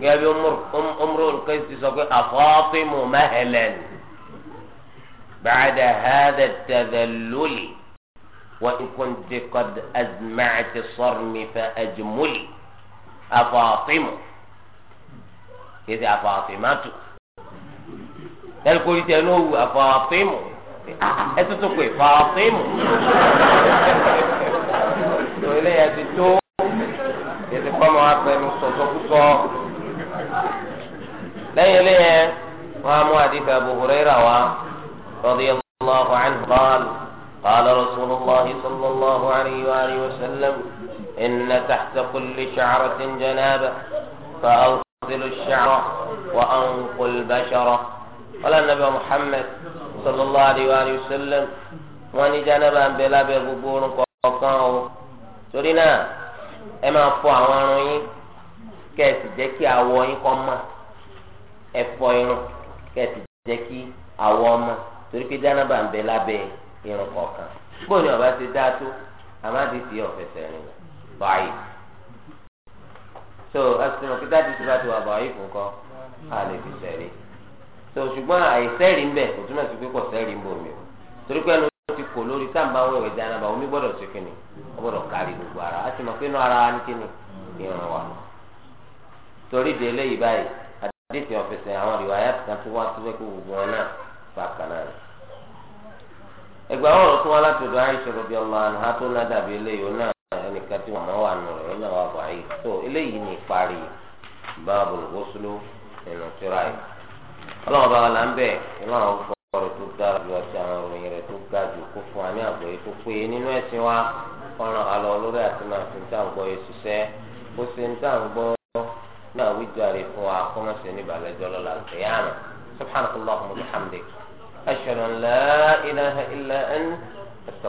gẹ́gẹ́ bí ọmọrò olùkọ́ ti sọ pé àfọ́pìmù mẹ́hẹ̀lẹ́n bàdà hàdà tẹ̀dẹ̀lólì wà ìkùntì kọ́d azmàtì sọ́rmìfà ẹ̀jùmúlì àfọ́pìmù kìí ṣe àfọ́pìmàtù. tẹ́lifóri tẹ ló wù àfààfẹ́mù ẹ tó tó pé fààfẹ́mù lórílẹ̀ ya ti tó yẹn ti kọ́ ọmọ apẹnu sọ̀tọ̀kúsọ. lẹ́yìn eléyẹn wọ́n á mú àdìgbà Abu Hurairah wa radiyallahu anhu qala قال رسول الله صلى الله عليه وآله وسلم إن تحت كل شعرة جنابة فأغسل الشعر وأنقل البشرة ọlá nàbẹ Muhammad sallallahu alayhi wa sallam wọn ní jánábà ń bẹ lábẹ́ gbogbo orun kọ̀ọ̀kan o torí náà ẹ máa fọ àwọn irun yín kẹsì jẹ́ kí awọ yín kọ mọ́ ẹ fọ irun kẹsì jẹ́ kí awọ mọ́ torí pé jánábà ń bẹ lábẹ́ irun kọ̀ọ̀kan bóyá ọba ti dá tó àmàdí fi ọ̀fẹ̀sẹ̀ rìn báyìí so asinu kita ti ti ba ti wa báyìí fún kọ a fi sẹ́rí. tó ṣùgbọ́n àìsẹ́rìí ń bẹ̀ kò túmọ̀ sí pé kò ń o torí pé ẹnu ti kò lórí táǹbà wẹ̀wẹ̀ jánaba omi gbọ́dọ̀ ṣe kíni ó gbọ́dọ̀ kárí gbogbo ara á sì mọ̀ pé inú ara wa ní kíni ìran wa lọ. torí de eléyìí báyìí àdéhùn ọ̀fẹ̀sẹ̀ àwọn ìwà ayé kan tó wá síbẹ̀ kó gbogbo wọn náà bá kan rẹ̀. ẹgbẹ́ àwọn ọ̀rọ̀ tó wá ọlọ́run bá wa là ń bẹ̀ nínú àwọn ọkọ rẹ̀ tó dára jù àti àwọn ìròyìn rẹ̀ tó ga jù kó fún wa ní àgbọ́yé tó péye nínú ẹ̀sìn wa ọ̀ràn àlọ́ lórí àti máa fi ń tà ń gbọ́ yé ṣiṣẹ́ bó ṣe ń tà ń gbọ́ náà wíjọ́rẹ̀ fún wa kó má ṣe ní ìbàlẹ́jọ́ lọ́la kìyàmù subhanakallahumma wa bihamdik ashhadu an la ilaha illa anta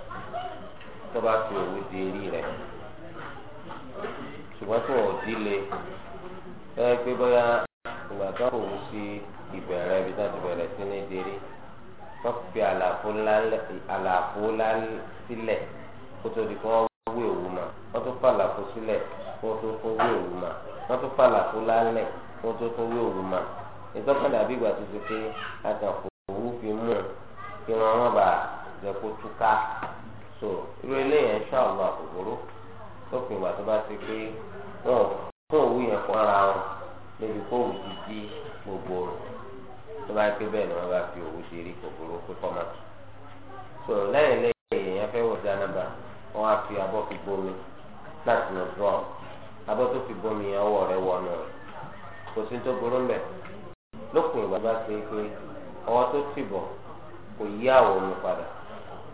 tó bá fi òwú di eré rẹ̀ ṣùgbọ́n tó ò dílé ẹ pé bóyá ìgbà tó kò wú sí ìbẹ̀rẹ̀ ibi tó ti bẹ̀rẹ̀ sí ní déré tó fi àlàfo ńlá sílẹ̀ kó tó di kó wé òwú ma wọ́n tó fà àlàfo sílẹ̀ kó tó tó wé òwú ma wọ́n tó fà àlàfo lálẹ̀ kó tó tó wé òwú ma ìtọ́kàn dàbí ìgbà tó ti pé àtàkùn òwú fi mú kí wọ́n má bàa jẹ́ kó túká so irú eléyìí ẹ̀ṣọ́ àwọn àkókòrò lópin ìgbà tó bá ti pé wọn fún òwú yẹn fún ara wọn níbi kó òwú ti di gbogbo rẹ̀ tó bá pé bẹ́ẹ̀ ni wọ́n bá fi òwú ṣe rí kòkòrò pé kọ́má so lẹ́yìn lẹ́yìn èèyàn fẹ́ wọ̀ dánábà wọ́n á fi abọ́ fi bomi láti lọ dùn ọ́ abọ́ tó fi bomi yẹn ọwọ́ rẹ̀ wọnú rẹ̀ kò sí tó burú mbẹ̀ lópin ìgbà tó bá ti pé ọwọ́ tó ti bọ̀ kò yí àwọ̀ mi padà.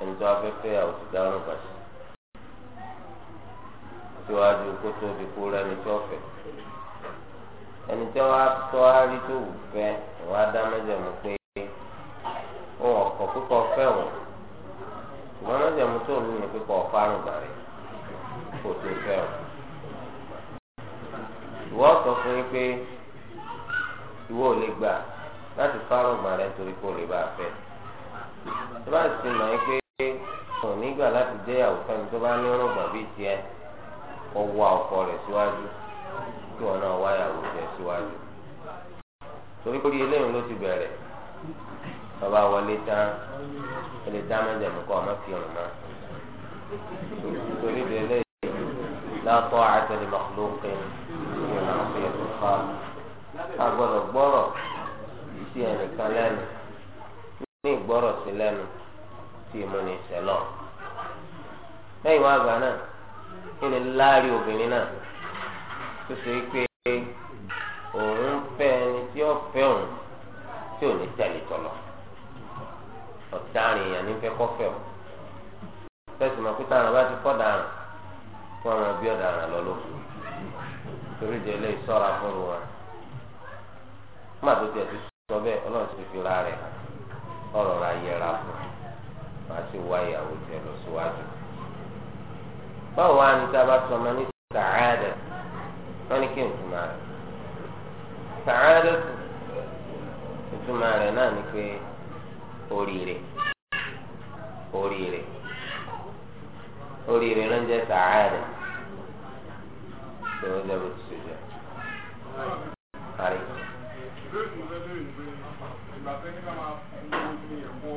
ẹni tó wá fẹ́ fẹ́ yàwó ti dárò bàṣẹ síwájú kó tó di kó rẹni tó fẹ́ ẹni tó wá tó wá rí tó wù fẹ́ ìwà dá mẹ́jẹ̀mú pé òun ọ̀kọ̀ kíkọ fẹ́ wọn ṣùgbọ́n mẹ́jẹ̀mú tó lù ní kíkọ ọ̀fárùn bàrẹ̀ kó tó fẹ́ wọn. ìwọ sọ fún yín pé ò lè gbà láti fárùn bàrẹ̀ lè bá a fẹ́ tó bá yín pé. pé kò nígbà láti jẹ́ ìyàwó fẹ́mi tó bá ní ọ̀rọ̀ gbàgbé tiẹ̀ kó wá ọkọ rẹ̀ síwájú kí wọn náà wá ìyàwó rẹ̀ síwájú. torí pé eléyìí ló ti bẹ̀rẹ̀ bàbá wọlé tán ó lè dá mẹ́jẹ̀mú kọ́ ọmọ fi hàn mọ́. torí pé eléyìí látọ̀ àtẹlẹ mọ̀lúkẹ́ ìwọ̀n àti ẹ̀kọ́ fà gbọ́rọ̀ sí ẹnìkan lẹ́nu ní ìgbọ́rọ̀ sí lẹ́nu tí ìmúni sẹlọ lẹ́yìn wá àgbà náà kí ni láàrin obìnrin náà tó ṣe é pé òun fẹ́ ẹni tí ó fẹ́ òun tí ò ní tẹ̀lé tọ̀lọ̀ ọ̀daràn èèyàn ní fẹ́ kọ́fẹ́ o fẹ́sì mọ̀ pé táwọn bá ti kọ́ daràn fún àwọn bí ọ̀daràn lọ lóko torí ìdè ilé ìṣọ́ra fún wọn má tó tiẹ̀ ti sọ bẹ́ẹ̀ ọlọ́run ti fi ra rẹ̀ ọ̀rọ̀ ra yẹra fún un màá sì wá ìyàwó tiẹ̀ lọ síwájú. báwo wá ní tá a bá sọmọ ní sàádà wọ́n ní kí n túmọ̀ rẹ̀ sàádà ìtumọ̀ rẹ̀ náà ni pé oríire oríire oríire ló ń jẹ́ sàádà tó ń jẹ́ bó ti ṣe jẹ́ parí. ìbéèrè ìgbésẹ̀ ìgbésẹ̀ ìgbà tó ní ká máa fún un ní ẹ̀kọ́.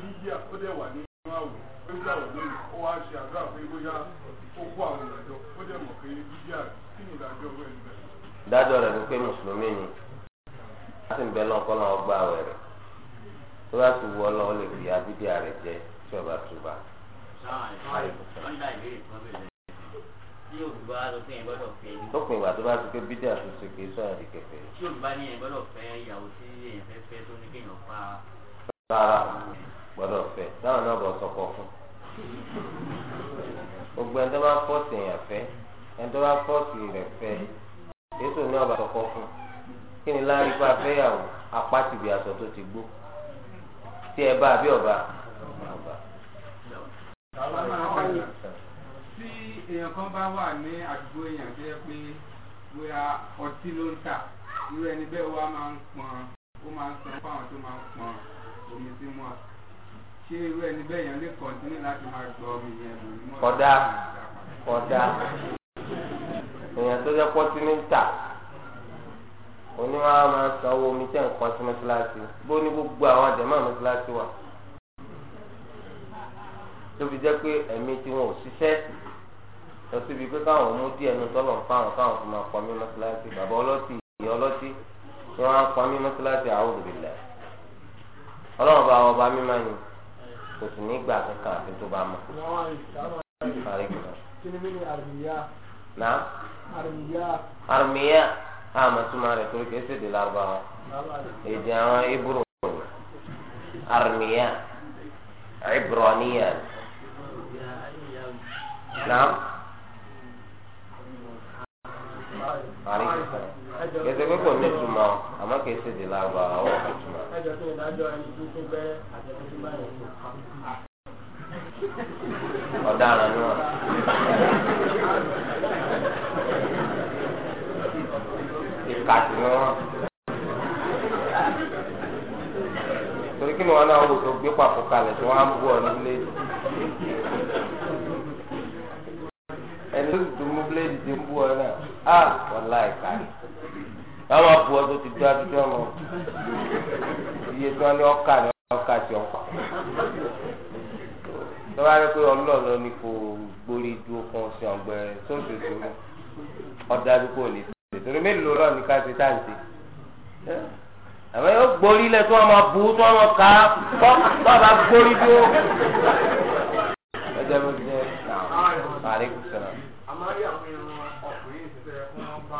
díà ó dẹ̀ wà ní inú àwẹ̀ ó gbà wọ̀ lónìí ó wá ṣe àdúrà pé bóyá ó kó àwọn ìdájọ́ ó dẹ̀ mọ̀ pé díà kí ni ìdájọ́ owó ẹni bẹ̀. rẹ̀ ni pé mùsùlùmí ni wọ́n sì ń bẹ lọ́kọ́ náà gbà wẹ̀ rẹ̀ tó bá ti wọ lọ́wọ́ lè fi abídíà rẹ̀ jẹ tí ọba túbà. lópin ìgbà tó bá ti pé bídíà tó kì í sọ̀rọ̀ di kẹfẹ́. tí olùbá ní ẹ̀ gbọ́dọ̀ fẹ́ ìyàwó sí èèyàn fẹ́ fẹ́ tó ní kéèyàn pa. rárá gbọ́dọ̀ fẹ́ táwọn náà bọ̀ sọkọ fún gbogbo ẹni tó bá fọ́ọ̀sì èèyàn fẹ́ ẹni tó bá fọ́ọ̀sì rẹ̀ fẹ́ èso ní ọba sọkọ fún kí ni láàrin pa fẹ́yàwó apá ti bí aṣọ tó ti gbó tí ẹ bá àbí ọba. tí èèyàn kan bá wà ní àdúgbò èèyàn tó yẹ pé bóyá ọtí ló ń tà irú ẹni bẹ́ẹ̀ wá máa ń pọn ó máa ń sọ fáwọn tó máa ń pọn omi sí mọ́ àti ṣé irú ẹni bẹ́ẹ̀ yẹn lè kọ́ntínú láti máa gbọ́ ọmọ ìyẹn lò ní mọ́tò. kódà kódà èèyàn tó jẹ́ pọ́tíníntà oníwà máa sanwó omi tẹ̀ ń kọ́ sí mọ́tíláṣí bó ní gbogbo àwọn àjẹmọ́ mọ́tíláṣí wà tó fi jẹ́ pé ẹ̀mí tiwọn ò ṣiṣẹ́ lọ síbi pé káwọn mú díẹ̀ nu tọ́lọ̀ ń fáwọn káwọn fi máa pọnmi mọ́sálásí bàbá ọlọ́tì ìyá ọlọ́tì tí wọ́n á pọnmi mọ́sálásí àwọn òbílẹ̀ ọlọ́run bá ọba mímọ́ ni kò sì ní gbà kankan àti tó bá mọ. na armiya àmọ̀túnmá rẹ̀ torí kìí ṣèdè lárúbáwá èdè àwọn ibùrù armiya ibraniya na kìí ṣe pé kò ní ìtumọ̀ àmọ́ kìí ṣèdè lárúbáwá wọ́n ọ̀daràn náà. ìkàtì náà. torí kí ni wọn náà wò tó gbé papò kalẹ̀ tí wọ́n á bú ọ nílé. ẹni tó dùn mú bíléèdì tí ń bú ọ náà á wọ́n láì kárí. wọ́n máa bú ọ tó ti dá dúdú ọmọ iye tí wọ́n ní ọkà ní ọkà tí ọ̀pá tọ́ba rẹ pé ọlọ́ọ̀lọ́ ni kò gbórí dúró fún ọ̀sẹ̀ ọ̀gbẹ́ sóṣù sóṣù ọ̀dà àdúgbò lè ṣe torí mélòó lọ́ọ̀ ní ká ṣe tá à ń ṣe. àwọn yóò gbórí lẹ tí wọ́n máa bu tí wọ́n máa kà á tọ́ bá gbórí dúró. ẹjẹ mi jẹ àárẹ kò sọ̀rọ̀. àmàlí àwọn irun ọkùnrin ìṣẹ̀lẹ̀ fún wọn bá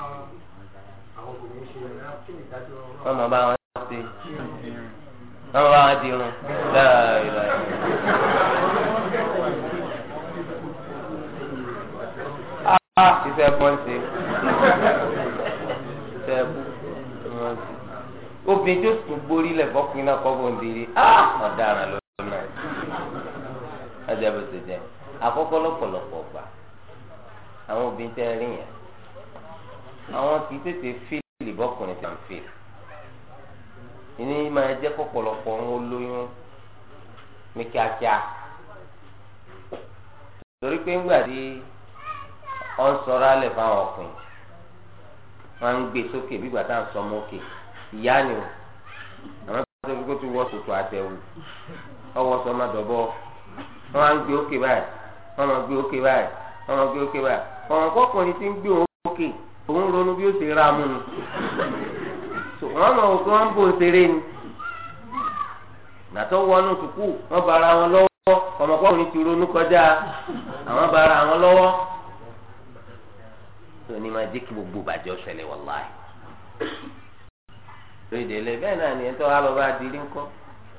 àwọn obìnrin ṣe ìrìn àti ìdájọ́ wọn. wọ́n máa bá wọn wọn bá wọn di irun láàyè. a ah, ah, iṣẹ́ bọ́n ṣe iṣẹ́ bú wọn ṣe obìnrin tó sùn borí lẹ̀ fọkùnrin náà kọ́ bó ń diri ah, ọ̀daràn lọ́nà ajabese jẹ àkọ́kọ́ lọ́pọ̀lọpọ̀ gbà àwọn obìnrin tẹ ẹ rí yẹn àwọn kì í tètè fíìlì bọkùnrin tẹ ń fíìlì ìní máa jẹ́ pọ̀pọ̀lọpọ̀ ń lóyún ní kíákíá torí pé ńgbà tí ọ ń sọ̀rọ̀ alẹ́ fáwọn ọkùnrin ń gbé sókè bí gbàtà ń sọmọ òkè ìyá ni o àwọn tó fi kó ti wọ sòtò àtẹwò ọwọ́ sọmọ dọ̀bọ wọn á ń gbé òkè báyìí wọn máa gbé òkè báyìí ti ń gbé òkè òun ronú wọ́n mọ̀ wò pé wọ́n ń bò ṣeré ni gbàtọ́ wọnú sùkú wọ́n bá ara wọn lọ́wọ́ ọmọkùnrin ti ronú kọjá àwọn bá ara wọn lọ́wọ́ tó ní ma jẹ́ kí gbogbo bàjẹ́ ọ̀ṣẹ̀lẹ̀ wàláì lórí ìdílé bẹ́ẹ̀ náà ni ẹ̀tọ́ alọ́ba adìrí ńkọ́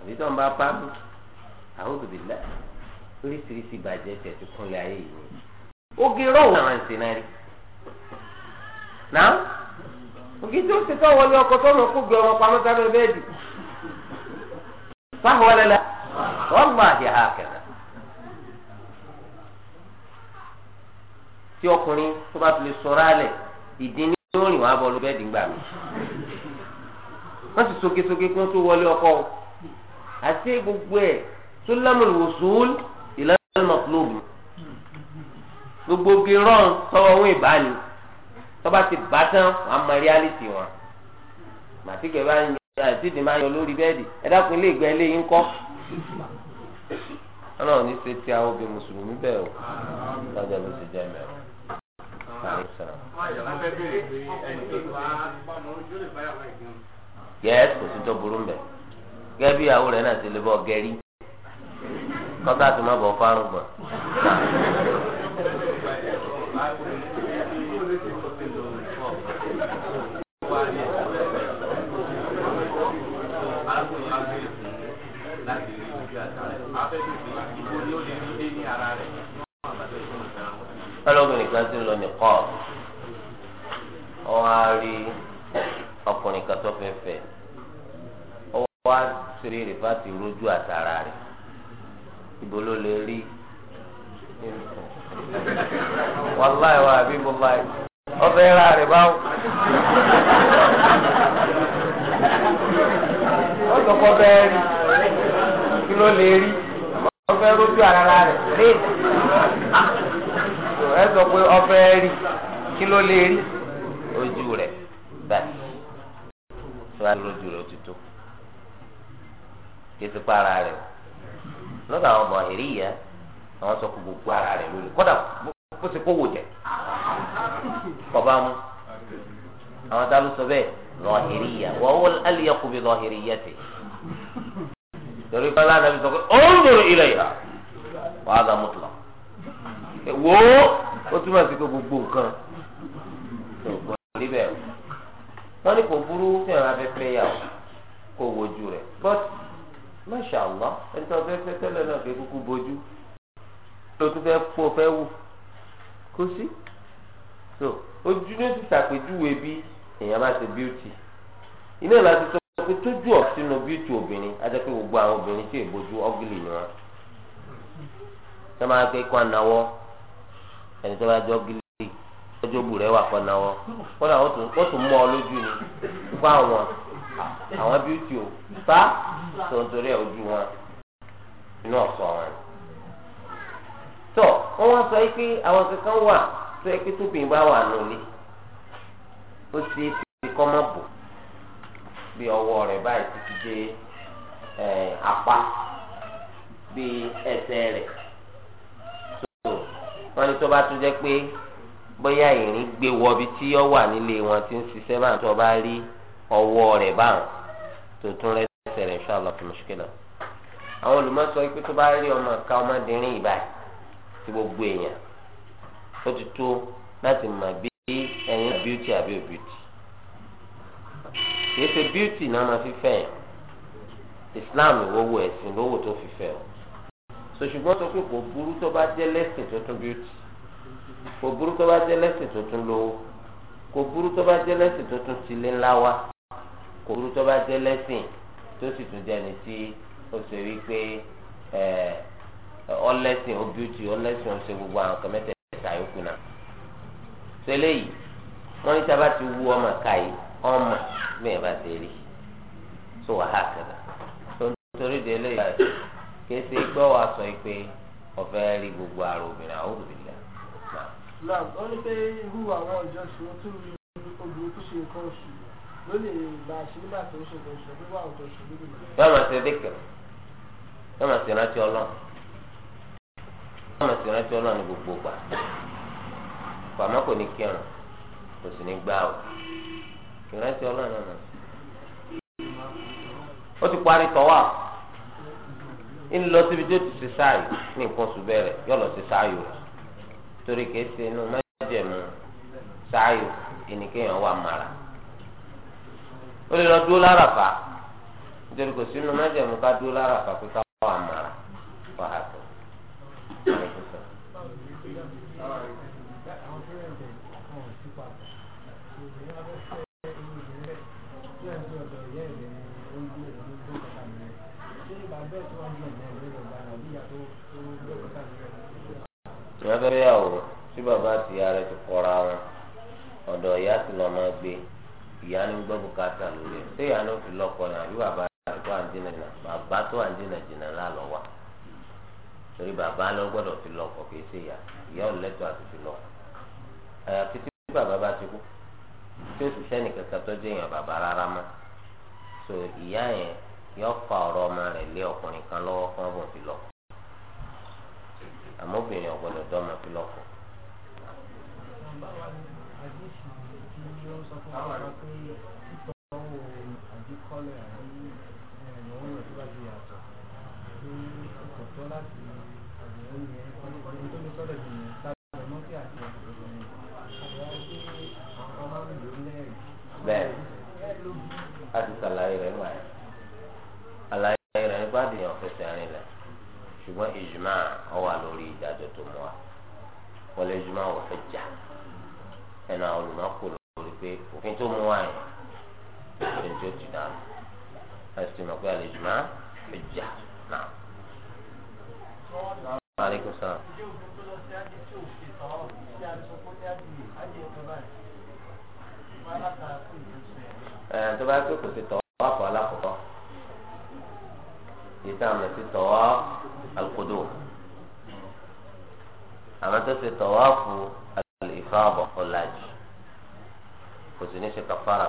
àbí tó ń bá pa mú àwọn òbí oríṣiríṣi bàjẹ́ tẹ̀ tó kúnlẹ̀ ayé yìí ni ó gé rọ́ọ̀ náà rí náà. ògì tí ó ti tọ́ wọlé ọkọ tó lọ kó gbé ọmọ pamọ́ sábẹ́ bẹ́ẹ̀dì fáwọn wọlé la wọ́n máa yà á kẹ̀lẹ́. tí ọkùnrin tó bá fi lè sọ̀rọ̀ alẹ̀ ìdí ní orin wàá bọ̀ ló bẹ́ẹ̀dì gbà mí. wọ́n sì sokesoke kí wọ́n tó wọlé ọkọ o àti gbogbo ẹ̀ tó lámùlù wòsùn ìlànà mọ̀kúlóòbù gbogbo gírọ́ọ̀n tọwọ́ wọn ìbáni tọ́ba ti bá tán wàá mọ reality wọn màtíkẹ́ bá ń yọ àtìdì máa ń yọ lórí bẹ́ẹ̀dì ẹ dákun ilé ìgbẹ́ ilé yìí ń kọ́ ọlọ́run ní ṣe ti àwọn obìnrin mùsùlùmí bẹ́ẹ̀ o lọ́jọ́ ló ti jẹ́ mẹ́rin. gẹ́ẹ́sì kò sí tó burú mbẹ́ gẹ́gẹ́ bí ìyàwó rẹ̀ náà ti lè bọ́ gẹ́rí kọ́tà tó má bọ̀ fárùn gbọ̀n. ọlọ́bìnrin kan ti lọ nìkọ́ ọ wá rí ọkùnrin kan tó fẹ́ fẹ́ ọ wá sírí rìfá ti rójú àtàrà rẹ̀ ibo ló lè rí wàláì wà bí mo máa ọbẹ̀ ra rẹ̀ báwò. ó sọ fún ọbẹ̀ rí kí ló lè rí ọbẹ̀ rójú àtàrà rẹ̀ lé ẹ sọ pé ọfẹ rí kí ló lè rí ojú rẹ báyìí tó wà lójú rẹ òtútù kí sípa ara rẹ lọ́dọ̀ àwọn ọmọ ẹ̀rí yẹ àwọn sọ fún gbogbo ara rẹ lórí kódà bó ti kówó jẹ kọba mu àwọn tá sọ bẹ́ẹ̀ lọ́hìrì yẹ wọ́n wọ́n aliyẹ kò bí lọ́hìrì yẹ ti torí kọ́lá nàbí sọ pé ó ń lòrò ilẹ̀ yà wàhálà mọ́tò lọ wo ó túmọ̀ sí pé gbogbo nǹkan gbogbo níbẹ̀ wọ́n ní kò burú fún ẹ̀rọ afẹ́fẹ́ yà ó kò wojú rẹ̀ but masha allah ẹni tó fẹ́ fẹ́ tẹ́lẹ̀ náà fẹ́ kúkú bojú tó tún fẹ́ pọ̀ fẹ́ wù kó sí so ojú ló ti ṣàpèjúwe bí èèyàn bá ṣe bíútì iná ìlà ti sọ pé tójú ọ̀ sínú bíútì obìnrin á jẹ́ pé gbogbo àwọn obìnrin tí èèbojú ọ́gìlì ni wọ́n ṣe máa ń pé kó ànáwọ́. ẹni tó bá jọ gírí ọjọ́ rẹ wà kọ́nà wọn kọ́nà ó tún ọ ni fún àwọn àwọn bíútì ò bá tó ń ojú wọn inú wọn. tó wá sọ pé àwọn kankan wà tó yẹ pé tóbìnrin bá wà lónìí ó ti fi kọ́ mọ́ bò bí ọwọ́ rẹ̀ báyìí ti fi wọ́n ní tó bá tún jẹ́ pé bóyá ìrìn gbé wọbi tí ó wà nílé wọn ti ń ṣiṣẹ́ báyìí tó bá rí ọwọ́ rẹ̀ báyìí tó tún rẹ̀ sẹ̀rẹ̀ inshallah kí mùsùlùmí lọ. àwọn olùmọ̀sọ pé tó bá rí ọmọ ká ọmọdérin ìbáyìí tí gbogbo èèyàn ó ti tó láti mọ̀ bí ẹ̀yin náà bíútì àbí òbíútì. kì í ṣe bíútì náà máa fi fẹ́ yẹn Islam ìwọ́wọ́ ẹ̀sìn lówó tó fi fẹ́ o sòṣùgbọ́n sọ pé kò burú tó bá jẹ́ lẹ́sìn tó tún bíútì kò burú tó bá jẹ́ lẹ́sìn tó tún lówó kò burú tó bá jẹ́ lẹ́sìn tó tún sílé ńlá wa kò burú tó bá jẹ́ lẹ́sìn tó sì tún jẹ́ ní tí ó ṣe wí pé ọlẹ́sìn ó bíútì ọlẹ́sìn ó ṣe gbogbo àwọn kan mẹ́tẹ̀ẹ̀ta náà ṣẹlẹ̀ yìí wọ́n ní sábà ti wú ọmọ káyé ọmọ bẹ́ẹ̀ bá ṣe rí so wàhálà kẹlẹ̀ tó ń torí de eléyìí kéésì gbọ́ wa sọ pé ọ̀fẹ́ rí gbogbo ara obìnrin àwọn obìnrin náà. lab ó ní pé irú àwọn ọjọ́ ṣe ó tún rí obìnrin tó ṣe nǹkan oṣù ló lè gba ṣe nígbà tó ń ṣe nǹkan oṣù nígbà tó ṣe níbi náà. yóò máa ṣe dékẹ̀ yóò máa ṣe rántí ọlọ́run yóò máa ṣe rántí ọlọ́run ní gbogbo gbà pàmò kò ní kírun kò sì ní gbà o ìrántí ọlọ́run náà ó ti parí tọ́wọ́ ń lọ síbi tó ti ṣe sáàyè ní nǹkan oṣù bẹ̀rẹ̀ yóò lọ sí sáàyè rẹ̀ torí kìí ṣe inú májẹ̀mú sáàyè ẹnìkéèyàn wà mara ó lè lọ dúró láràfà nítorí kò sínú májẹ̀mú ká dúró láràfà pé ká wà mara wà á tó. èèyàn ya yà wò tí bàbá àti ìyá rẹ̀ ti kọ́ra wọn ọ̀dọ̀ ya sì lọ ma gbe ìyá ni gbọ́ bùkátà lórí ẹ̀ ṣé ìyá ni ó fi lọ́kọ náà àbí tó à ń dínà jìnà tó à ń dínà jìnà wa torí bàbá lọ gbọ́dọ̀ fi lọ́kọ kì í ṣe ìyá ìyá ò so ìyá yẹn fa ọmọ lé ọkùnrin kan fi àmọ́ obìnrin ọ̀gbọ́dọ̀ dọ́mọ fi lọ́kọ. bẹ́ẹ̀ a ti sàlàyé rẹ̀ wáyé àlàyé rẹ̀ nípa àdìyàn fẹsẹ̀ rìn ṣùgbọ́n ìjùmọ̀ ọ wà lórí ìdájọ́ tó mú wa wọlé ìjùmọ̀ ò fẹ́ jà ẹnu àwọn olùmọ̀kò lórí pé òfin tó mú wa yẹn òfin tó ti dànù láti ti mọ̀ pé àlè ìjùmọ̀ fẹ́ jà náà. tó bá tó kò sí tọ́wọ́ àpò alákọ̀ọ́. Yìí tá a mọ̀ sí القدوم. àwọn tó ṣe tọ̀wáfù al-ifada ọ̀làjì kò sì ní ṣe kàfàrà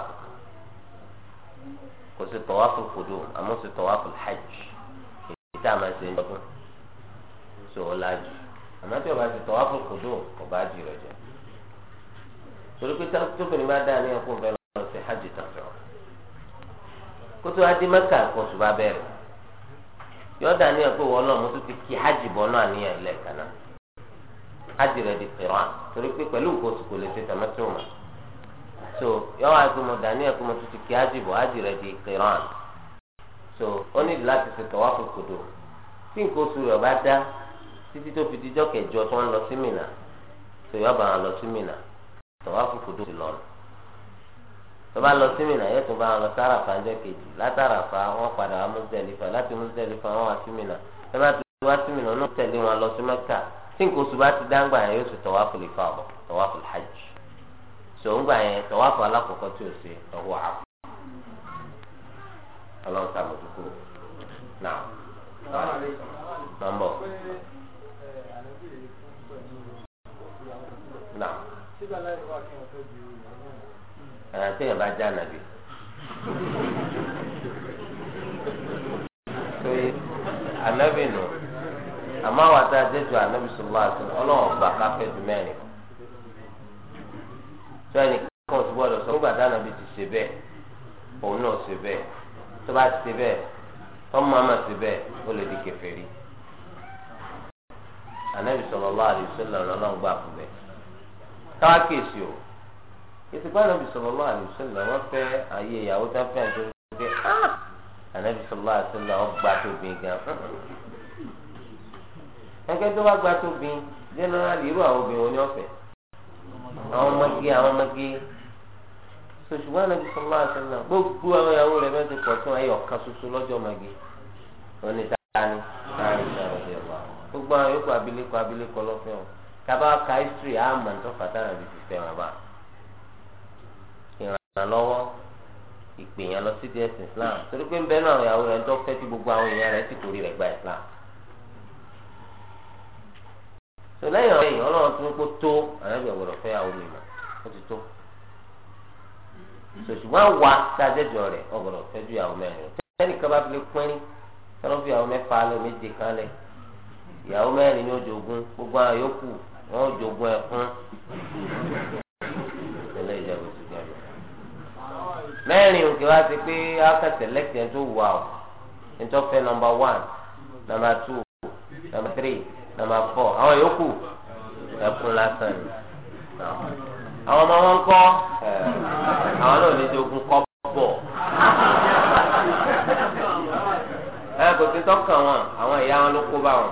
kò sí tọ̀wáfù alqudum àmọ́ sí tọ̀wáfù alhajj èyí tá a máa ṣe ń jọdún sí ọ̀làjì àmọ́ tí o bá ti tọ̀wáfù alqudum kò bá di rẹ̀ jẹ́ torí pé tóbìnrin bá dáa ní ẹkún fẹ́ lọ́wọ́ ṣe hajj tàbí ọ̀ kótó adé mẹ́kà kò sùn bá yọ̀ọ́ dà níyàn pé wọ́n náà mo tún ti kí hajj bọ́ náà níyàn lẹ́ẹ̀kan náà hajj rẹ̀ di qiran torí pé pẹ̀lú òkòtù kò lè ṣe tẹ̀mẹ́tìrì mọ́ so yọ̀ọ́ àìkú mo dà níyàn pé ti kí hajj bọ́ hajj rẹ̀ di qiran so ó ní láti ṣe tọ́wá kòkòdò tí nǹkan oṣù rẹ̀ bá dá títí tó fi dijọ́ kẹjọ tó ń lọ sí mìnà so yọ̀ọ́ wọn lọ sí mìnà tọ́wá kòkòdò ti lọ́nà. tó bá lọ sí mìnà yóò tún bá wọn lọ sára fàájọ kejì látara fa wọn padà wá Muzdalifa láti Muzdalifa wọn wá sí mìnà ẹ ti wá sí mìnà ọ̀nà tẹ̀lé wọn lọ sí Mẹ́kà tí nǹkan hajj sòǹgbà yẹn tawafu alákọ̀ọ́kọ́ tí o ṣe bá já nàbì. ànábì nù àmọ́ àwọn àti àjẹjù ànábì sọ̀rọ̀ àti ọlọ́wọ́n gbà káfẹ́ ju mẹ́rin. tó ẹnì kan ti gbọ́dọ̀ sọ nígbà tá anabi ti ṣe bẹ́ẹ̀ òun náà ṣe bẹ́ẹ̀ tó bá ti ṣe bẹ́ẹ̀ tọ́mọ àmà ṣe bẹ́ẹ̀ ó lè di kèfèrí. ànábì sọ̀rọ̀ lọ́wọ́ àdìsí lọ́rọ̀ ọlọ́run gbà fún bẹ́ẹ̀. táwa kèsì o. ìsìnkú ànábì sallallahu alaihi wasallam wọ́n fẹ́ ààyè ìyàwó tá fẹ́ àti ọ̀rọ̀ pé ah! ànábì sallallahu alaihi wasallam wọ́n gbà tó bí gan. ẹgbẹ́ tó bá gbà tó bí jẹ́nẹ́rálì irú àwọn obìnrin oní ọ̀fẹ́ àwọn ọmọge àwọn ọmọge sòṣùgbọ́n ànábì sallallahu alaihi wasallam gbogbo àwọn ìyàwó rẹ̀ mẹ́tò pọ̀ tún ẹyọ kan ṣoṣo lọ́jọ́ ọmọge òní tani tani gbogbo ràn lọ́wọ́ ìpèyàn lọ sí islam torí pé ń bẹ́ẹ̀ náà ìyàwó rẹ̀ ń tọ́ fẹ́ gbogbo àwọn èèyàn rẹ̀ sì torí rẹ̀ gba islam. so lẹ́yìn ọ̀rẹ́ yìí ọlọ́run tún kó tó àyàbí ọ̀gbọ̀dọ̀ fẹ́ àwọn ó ti tó. sòṣùgbọ́n rẹ̀ fẹ́ ju mẹ́rin kan bá fi lè fi mẹ́fà mẹ́rin òkè wá sí pé after select ẹni tó wù wá o ẹni one number two number three number four àwọn yòókù ẹkún lásán ni àwọn ọmọ wọn kọ àwọn náà ní dogun kọ bọ ẹ kò sí tọkàn wọn àwọn ìyá wọn ló kó bá wọn.